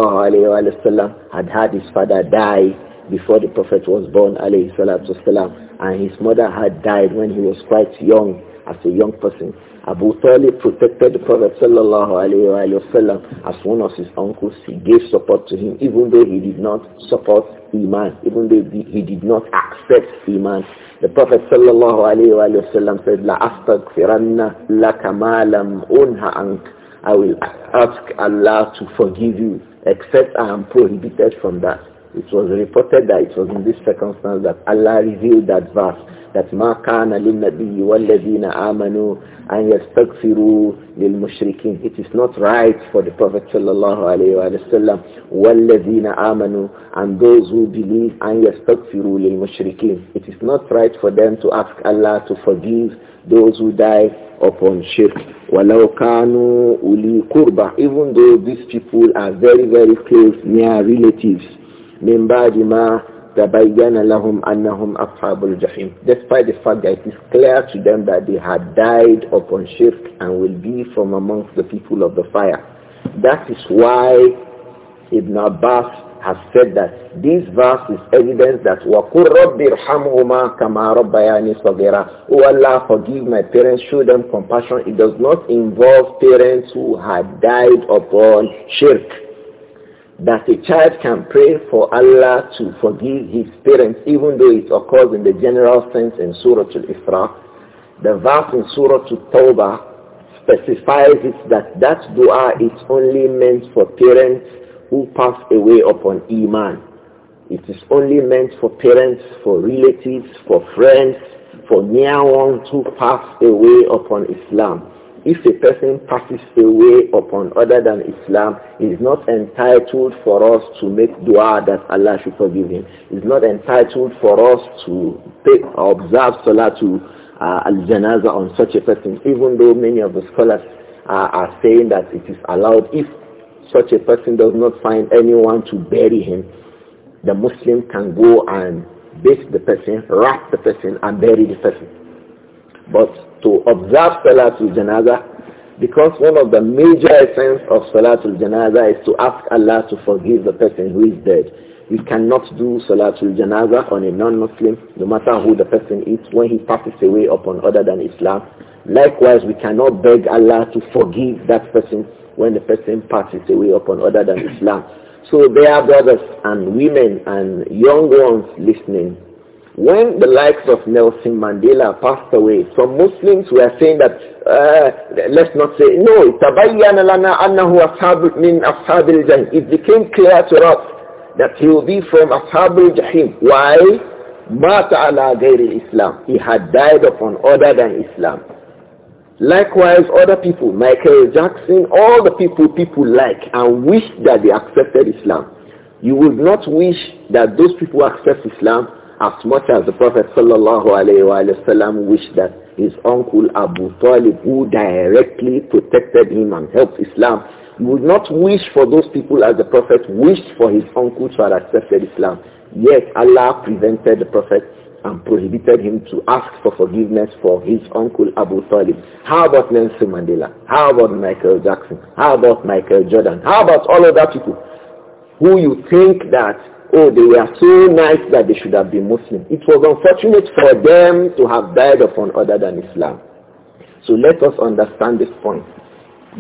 had had his father die before the Prophet was born, and his mother had died when he was quite young, as a young person. Abu Talib protected the Prophet وسلم, as one of his uncles. He gave support to him, even though he did not support Iman, even though he did not accept Iman. The Prophet sallallahu alayhi wa sallam said, لَأَسْتَغْفِرَنَّ لَكَ مَا لَمْ أُنْهَ عَنْكَ I will ask Allah to forgive you except I am prohibited from that. It was reported that it was in this circumstance that Allah revealed that verse that ما كان للنبي والذين آمنوا أن يستغفروا للمشركين It is not right for the Prophet صلى الله عليه وسلم والذين آمنوا and those who believe أن يستغفروا للمشركين It is not right for them to ask Allah to forgive those who die upon shirk ولو كانوا أولي قربى Even though these people are very very close near relatives من بعد ما تبين لهم أنهم أصحاب الجحيم despite the fact that it is clear to them that they had died upon shirk and will be from amongst the people of the fire that is why Ibn Abbas has said that this verse is evidence that وَقُلْ رَبِّ ارْحَمْهُمَا كَمَا رَبَّيَانِ صَغِيرًا Oh Allah, forgive my parents, show them compassion. It does not involve parents who had died upon shirk that a child can pray for Allah to forgive his parents even though it occurs in the general sense in Surah Al-Isra. The verse in Surah Al-Tawbah specifies it that that dua is only meant for parents who pass away upon Iman. It is only meant for parents, for relatives, for friends, for near ones who pass away upon Islam if a person passes away upon other than Islam, he is not entitled for us to make dua that Allah should forgive him. He is not entitled for us to take, observe salatu uh, al-janaza on such a person, even though many of the scholars uh, are saying that it is allowed if such a person does not find anyone to bury him. The Muslim can go and base the person, wrap the person, and bury the person. But to observe Salatul Janaza because one of the major essence of Salatul Janaza is to ask Allah to forgive the person who is dead. We cannot do Salatul Janaza on a non-Muslim, no matter who the person is, when he passes away upon other than Islam. Likewise, we cannot beg Allah to forgive that person when the person passes away upon other than Islam. So there are brothers and women and young ones listening when the likes of Nelson Mandela passed away, some Muslims were saying that, uh, let's not say, no, تَبَيَّنَ لَنَا أَنَّهُ أَصْحَابُ It became clear to us that he will be from أَصْحَابِ jahim. Why? Mata ala Islam. He had died upon other than Islam. Likewise, other people, Michael Jackson, all the people people like and wish that they accepted Islam. You would not wish that those people accept Islam as much as the Prophet sallallahu wished that his uncle Abu Talib, who directly protected him and helped Islam, would not wish for those people as the Prophet wished for his uncle to have accepted Islam. Yet Allah prevented the Prophet and prohibited him to ask for forgiveness for his uncle Abu Talib. How about Nelson Mandela? How about Michael Jackson? How about Michael Jordan? How about all other people who you think that oh, they were so nice that they should have been Muslim. It was unfortunate for them to have died upon other than Islam. So let us understand this point.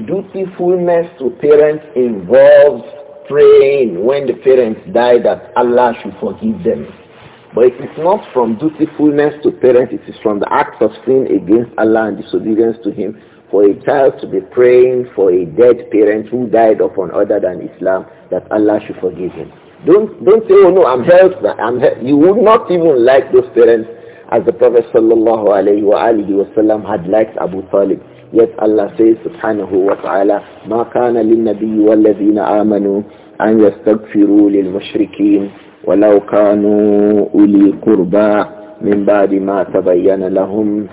Dutifulness to parents involves praying when the parents die that Allah should forgive them. But it is not from dutifulness to parents, it is from the act of sin against Allah and disobedience to Him for a child to be praying for a dead parent who died upon other than Islam that Allah should forgive him. Don't, don't say, oh no, I'm helped. I'm helped. You would not even like those parents as the Prophet sallallahu alayhi wa alihi wa had liked Abu Talib. Yet Allah says subhanahu wa ta'ala, ما كان للنبي والذين آمنوا أن يستغفروا للمشركين ولو كانوا أولي قربى من بعد ما تبين لهم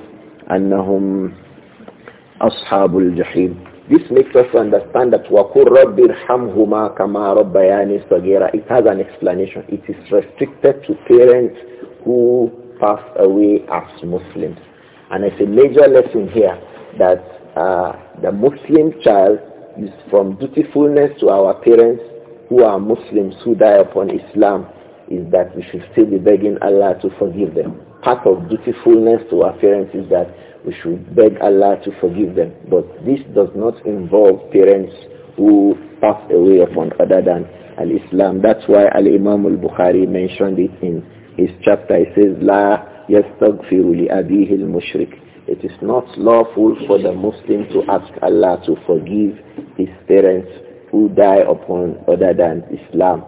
أنهم أصحاب الجحيم this makes us understand that وَقُلْ رَبِّ ارْحَمْهُمَا كَمَا رَبَّيَانِ صَغِيرًا It has an explanation. It is restricted to parents who pass away as Muslims. And it's a major lesson here that uh, the Muslim child is from dutifulness to our parents who are Muslims who die upon Islam is that we should still be begging Allah to forgive them. Part of dutifulness to our parents is that we should beg Allah to forgive them. But this does not involve parents who pass away upon other than al-Islam. That's why al-Imam al-Bukhari mentioned it in his chapter. He says, لا يستغفر لأبيه المشرك. It is not lawful for the Muslim to ask Allah to forgive his parents who die upon other than Islam.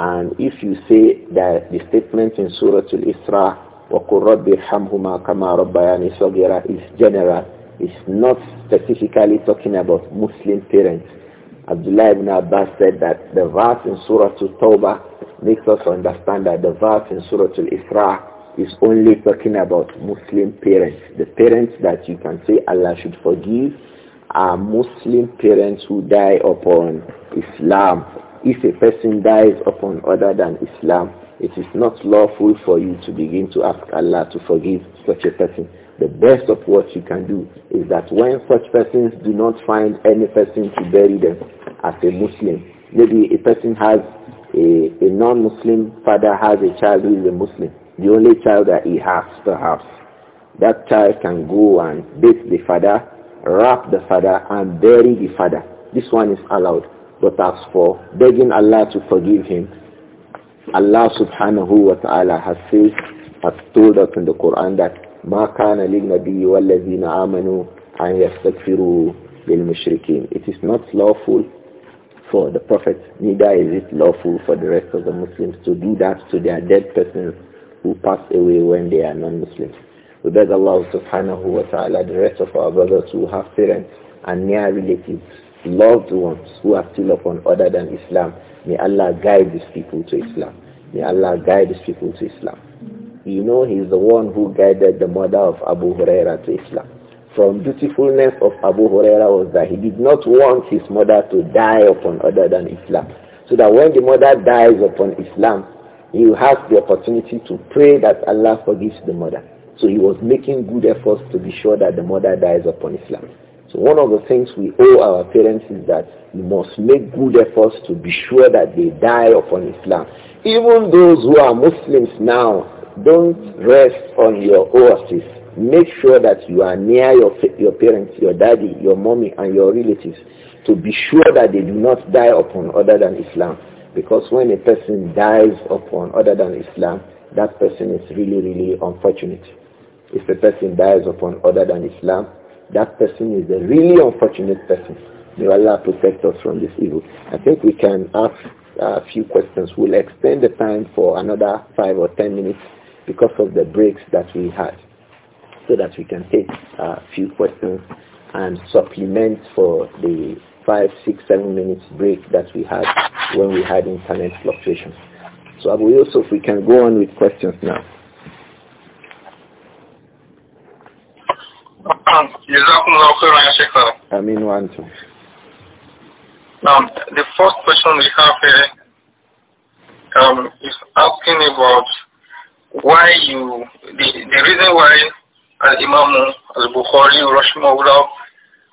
And if you say that the statement in Surah Al-Isra وَقُلْ رَبِّ ارْحَمْهُمَا كَمَا رَبَّيَانِ صَغِيرًا is general. It's not specifically talking about Muslim parents. Abdullah ibn Abbas said that the verse in Surah Al-Tawbah makes us understand that the verse in Surah Al-Isra is only talking about Muslim parents. The parents that you can say Allah should forgive are Muslim parents who die upon Islam. If a person dies upon other than Islam, it is not lawful for you to begin to ask Allah to forgive such a person. The best of what you can do is that when such persons do not find any person to bury them as a Muslim, maybe a person has a, a non-Muslim father has a child who is a Muslim, the only child that he has perhaps, that child can go and beat the father, wrap the father and bury the father. This one is allowed. But as for begging Allah to forgive him, Allah subhanahu wa ta'ala has said, has told us in the Quran that ما كان للنبي والذين آمنوا أن يَسْتَكْفِرُوا للمشركين. It is not lawful for the Prophet, neither is it lawful for the rest of the Muslims to do that to their dead persons who pass away when they are non-Muslims. We beg Allah subhanahu wa ta'ala, the rest of our brothers who have parents and near relatives loved ones who are still upon other than Islam. May Allah guide these people to Islam. May Allah guide these people to Islam. You know he is the one who guided the mother of Abu Huraira to Islam. From dutifulness of Abu Huraira was that he did not want his mother to die upon other than Islam. So that when the mother dies upon Islam, he has the opportunity to pray that Allah forgives the mother. So he was making good efforts to be sure that the mother dies upon Islam. So one of the things we owe our parents is that we must make good efforts to be sure that they die upon Islam.
Even those
who are Muslims now, don't rest on your oasis. Make sure that you are near your, your parents, your daddy, your mommy, and your relatives to be sure that they do not die upon other than Islam. Because when a person dies upon other than Islam, that person is really, really unfortunate. If a person dies upon other than Islam, that person is a really unfortunate person. May Allah protect us from this evil. I think we can ask uh, a few questions. We'll extend the time for another five or ten minutes because of the breaks that we had so that we can take a few questions and supplement for the five, six, seven minutes break that we had when we had internet fluctuations. So Abu Yusuf, we can go on with questions now. Um, I mean Um,
the first question we have here um, is asking about why you, the, the reason why Al-Imam Al-Bukhari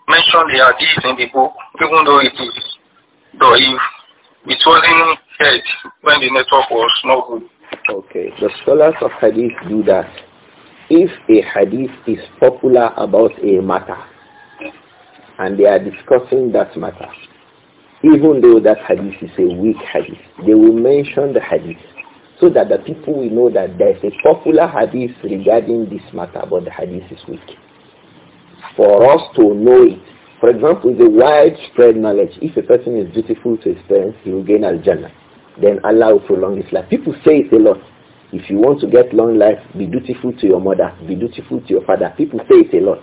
mentioned the hadith in the book, even though it is da'if, it wasn't heard when the network was not good.
Okay, the scholars of hadith do that if a hadith is popular about a matter and they are discussing that matter, even though that hadith is a weak hadith, they will mention the hadith so that the people will know that there is a popular hadith regarding this matter, but the hadith is weak. For us to know it, for example, a widespread knowledge, if a person is dutiful to his parents, he will gain al-Jannah. Then Allah will prolong his life. People say it a lot. If you want to get long life, be dutiful to your mother, be dutiful to your father. People say it a lot.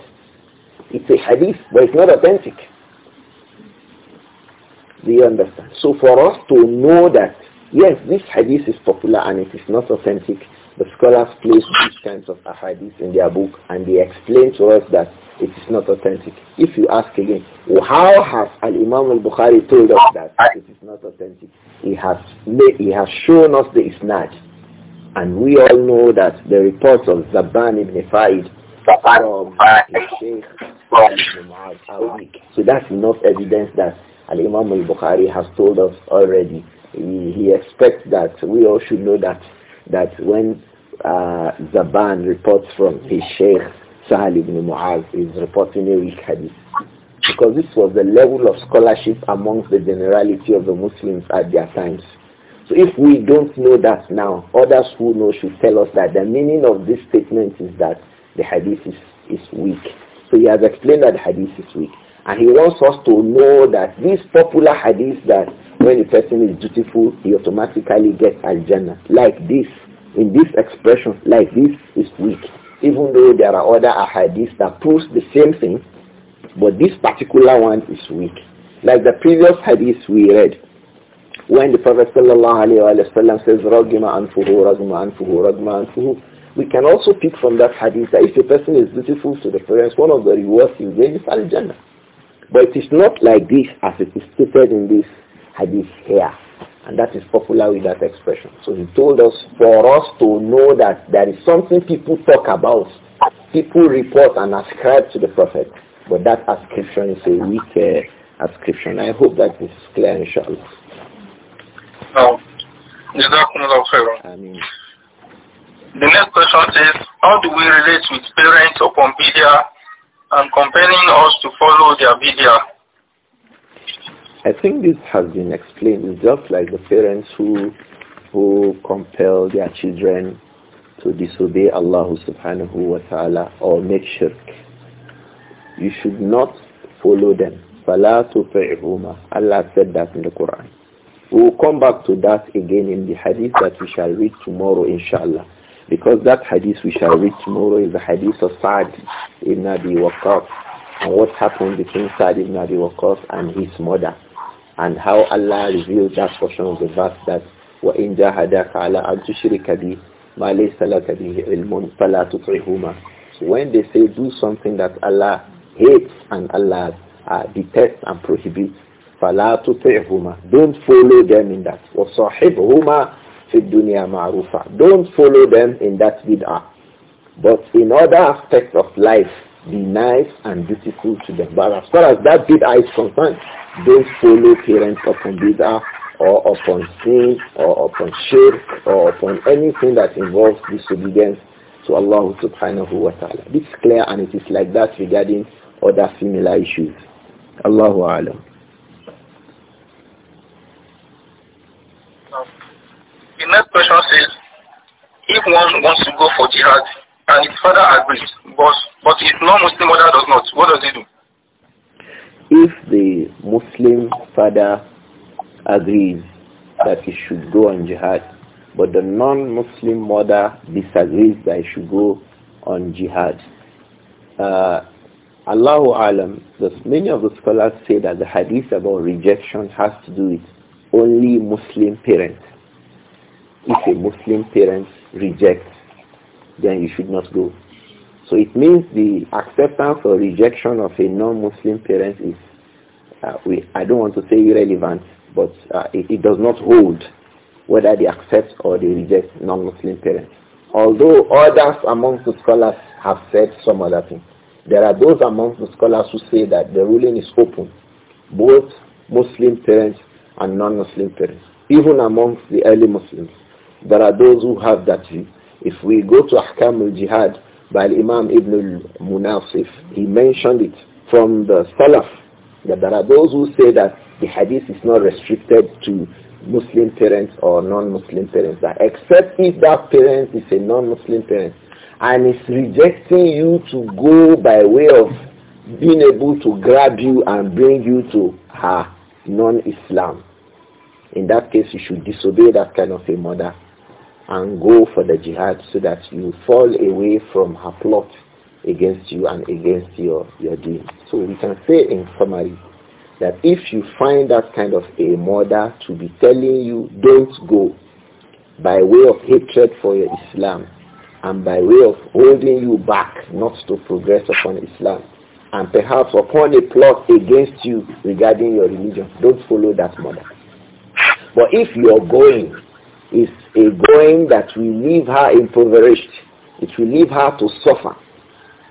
It's a hadith, but it's not authentic. Do you understand? So for us to know that, yes, this hadith is popular and it is not authentic, the scholars place these kinds of hadiths in their book and they explain to us that it is not authentic. If you ask again, how has Al-Imam al-Bukhari told us that it is not authentic? He has, he has shown us the isnad. And we all know that the reports of Zaban ibn Faid from his Sheikh are weak. So that's enough evidence that Al-Imam al-Bukhari has told us already. He, he, expects that we all should know that that when uh, Zaban reports from his Sheikh Sahal ibn Mu'az is reporting a weak hadith. Because this was the level of scholarship amongst the generality of the Muslims at their times. So if we don't know that now, others who know should tell us that the meaning of this statement is that the hadith is, is weak. So he has explained that the hadith is weak. And he wants us to know that this popular hadith that when a person is dutiful, he automatically gets al-jannah. Like this, in this expression, like this is weak. Even though there are other hadiths that proves the same thing, but this particular one is weak. Like the previous hadith we read, when the Prophet ﷺ says, Ragima anfuhu, Ragima anfuhu, Ragima anfuhu, we can also pick from that hadith that if a person is dutiful to the parents, one of the rewards he gains is al-Jannah. But it is not like this as it is stated in this hadith here. And that is popular with that expression. So he told us for us to know that there is something people talk about, people report and ascribe to the Prophet. But that ascription is a weak uh, ascription. I hope that this is clear, inshallah.
No. Jazakumullah The next question is: how do we relate with parents upon media and compelling us to follow their media?
I think this has been explained. It's just like the parents who who compel their children to disobey Allah subhanahu wa ta'ala or make shirk. You should not follow them. فَلَا Allah said that in the Quran. We will come back to that again in the hadith that we shall read tomorrow, inshallah. Because that hadith we shall read tomorrow is the hadith of Sa'd ibn Abi Waqqas and what happened between Sa'd ibn Abi Waqqas and his mother and how Allah revealed that portion of the verse that وَإِن جَاهَدَاكَ عَلَىٰ أَن تُشْرِكَ بِي مَا لَيْسَ لَكَ بِهِ عِلْمٌ فَلَا تُطِعْهُمَا when they say do something that Allah hates and Allah uh, detests and prohibits, فَلَا تُطِعْهُمَا
Don't follow
them in that. وَصَحِبْهُمَا فِي الدُّنْيَا مَعْرُوفًا Don't follow them in that bid'ah. But in other aspects of life, be nice and dutiful to them. But as far as that bid'ah is concerned, don't follow parents upon bid'ah or upon sin or upon shirk or upon anything that involves disobedience to Allah subhanahu wa ta'ala. This is clear and it is like that regarding other similar issues. Allahu alam.
go for jihad and his father agrees, but, but his non-Muslim mother does not, what does he do?
If the Muslim father agrees that he should go on jihad, but the non-Muslim mother disagrees that he should go on jihad, uh, Allahu Alam, many of the scholars say that the hadith about rejection has to do with only Muslim parents. If a Muslim parent rejects then you should not go. So it means the acceptance or rejection of a non-Muslim parent is, uh, we, I don't want to say irrelevant, but uh, it, it, does not hold whether they accept or they reject non-Muslim parents. Although others amongst the scholars have said some other thing. There are those amongst the scholars who say that the ruling is open, both Muslim parents and non-Muslim parents, even amongst the early Muslims. There are those who have that view. If we go to Ahkam al-Jihad by Imam Ibn al-Munasif, he mentioned it from the Salaf that there are those who say that the hadith is not restricted to Muslim parents or non-Muslim parents, that except if that parent is a non-Muslim parent and is rejecting you to go by way of being able to grab you and bring you to her non-Islam. In that case, you should disobey that kind of a mother and go for the jihad so that you fall away from her plot against you and against your, your deen. So we can say in summary that if you find that kind of a mother to be telling you don't go by way of hatred for your Islam and by way of holding you back not to progress upon Islam and perhaps upon a plot against you regarding your religion, don't follow that mother. But if you are going is a going that will leave her impoverished. It will leave her to suffer.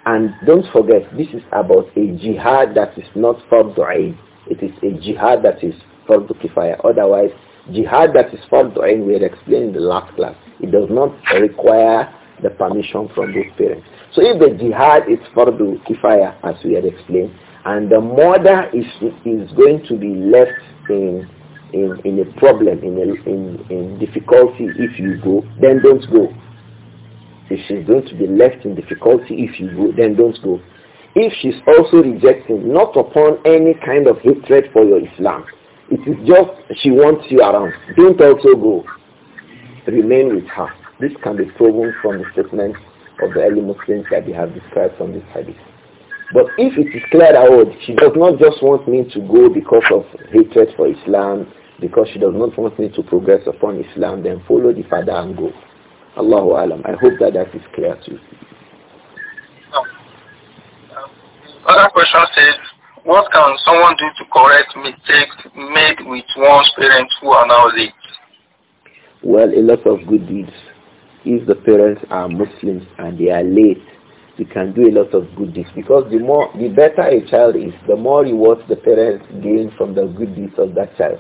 And don't forget, this is about a jihad that is not for ain. It is a jihad that is fardu kifaya. Otherwise, jihad that is for ain, we had explained in the last class, it does not require the permission from both parents. So if the jihad is fardu kifaya, as we had explained, and the mother is, is going to be left in in, in a problem, in, a, in, in difficulty if you go, then don't go. If she's going to be left in difficulty if you go, then don't go. If she's also rejecting, not upon any kind of hatred for your Islam, it is just she wants you around. Don't also go. Remain with her. This can be proven from the statement of the early Muslims that we have described from this hadith. But if it is clear that oh, she does not just want me to go because of hatred for Islam, because she does not want me to progress upon Islam, then follow the father and go. Allahu Alam. I hope that that is clear to you. Um,
other question says, what can someone do to correct mistakes made with one's parents who are now late?
Well, a lot of good deeds. If the parents are Muslims and they are late, you can do a lot of good deeds because the more, the better a child is, the more rewards the parents gain from the good deeds of that child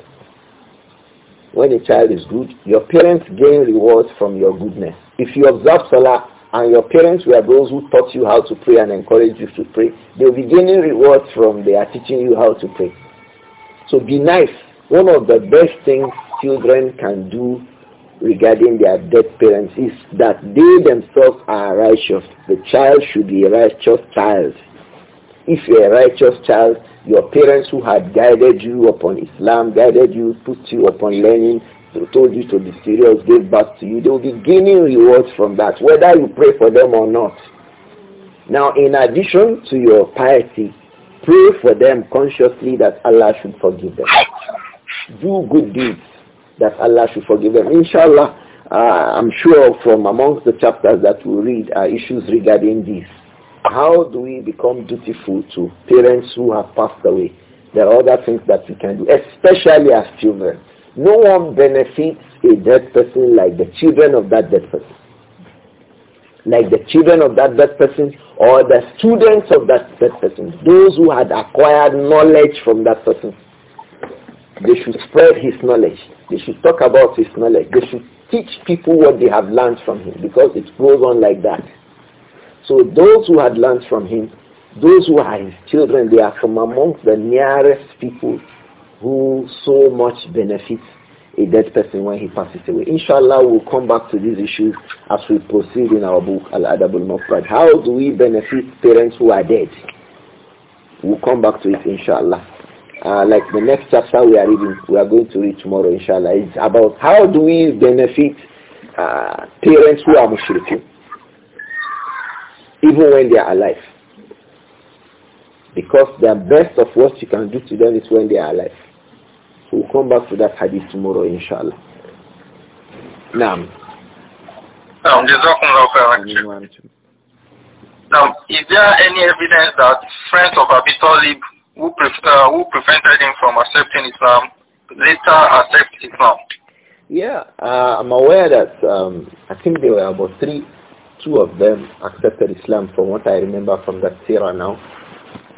when a child is good, your parents gain rewards from your goodness. If you observe Salah and your parents were those who taught you how to pray and encouraged you to pray, they'll be gaining rewards from their teaching you how to pray. So be nice. One of the best things children can do regarding their dead parents is that they themselves are righteous. The child should be a righteous child. If you're a righteous child, your parents who had guided you upon Islam, guided you, put you upon learning, told you to be serious, gave back to you, they will be gaining rewards from that, whether you pray for them or not. Now, in addition to your piety, pray for them consciously that Allah should forgive them. Do good deeds that Allah should forgive them. Inshallah, uh, I'm sure from amongst the chapters that we read are issues regarding this. How do we become dutiful to parents who have passed away? There are other things that we can do, especially as children. No one benefits a dead person like the children of that dead person. Like the children of that dead person or the students of that dead person. Those who had acquired knowledge from that person. They should spread his knowledge. They should talk about his knowledge. They should teach people what they have learned from him because it goes on like that. So those who had learned from him, those who are his children, they are from amongst the nearest people who so much benefit a dead person when he passes away. Inshallah, we'll come back to these issues as we proceed in our book, al Adabul mufrad How do we benefit parents who are dead? We'll come back to it, inshallah. Uh, like the next chapter we are reading, we are going to read tomorrow, inshallah. It's about how do we benefit uh, parents who are mushrikeen even when they are alive. Because the best of what you can do to them is when they are alive. So we'll come back to that hadith tomorrow, inshallah. Naam.
now, is there any evidence that friends of Abi Talib who, uh, who prevented him from accepting Islam later accept Islam?
Yeah, uh, I'm aware that um, I think there were about three two of them accepted Islam from what I remember from that era now.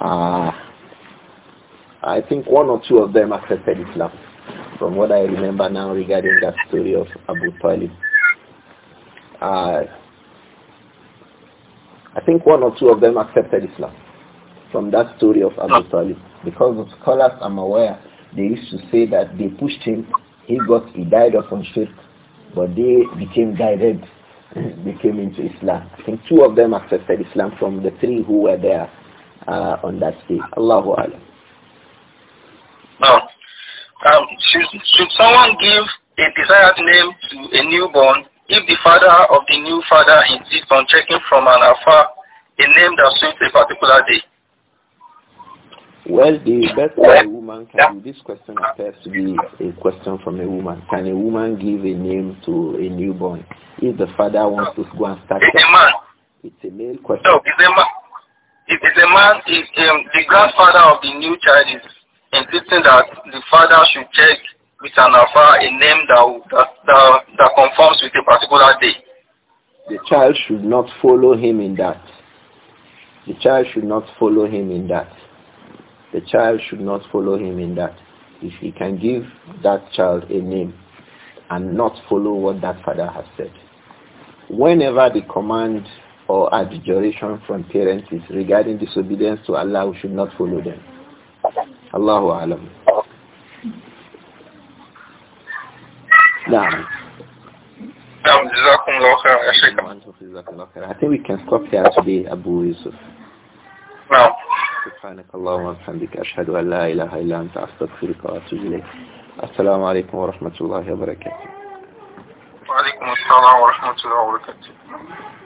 Uh, I think one or two of them accepted Islam from what I remember now regarding that story of Abu Talib. Uh, I think one or two of them accepted Islam from that story of Abu Talib because the scholars I'm aware they used to say that they pushed him he got he died of on but they became guided they came into Islam. I think two of them accepted Islam from the three who were there uh, on that day. Allahu Alam.
Now, um, should, should someone give a desired name to a newborn if the father of the new father insists on checking from an afar a name that suits a particular day?
Well, the best a
woman can do, this question appears
to be a question from a woman. Can a woman give a name to a newborn? If the father wants to go and start... It's a man.
It's a male question. No, it's a man. It's a man. It's, um, the grandfather of the new child is insisting that the father should check with an alpha a name that,
that, that, that conforms with a particular day. The child should not follow him in that. The child should not follow him in that the child should not follow him in that. If he can give that child a name and not follow what that father has said. Whenever the command or adjuration from parents is regarding disobedience to Allah, we should not follow them. Allahu Alam. Now, I think we can stop here today, Abu Yusuf.
سبحانك اللهم
وبحمدك أشهد أن لا إله إلا أنت أستغفرك وأتوب إليك السلام عليكم ورحمة الله وبركاته
وعليكم السلام ورحمة الله وبركاته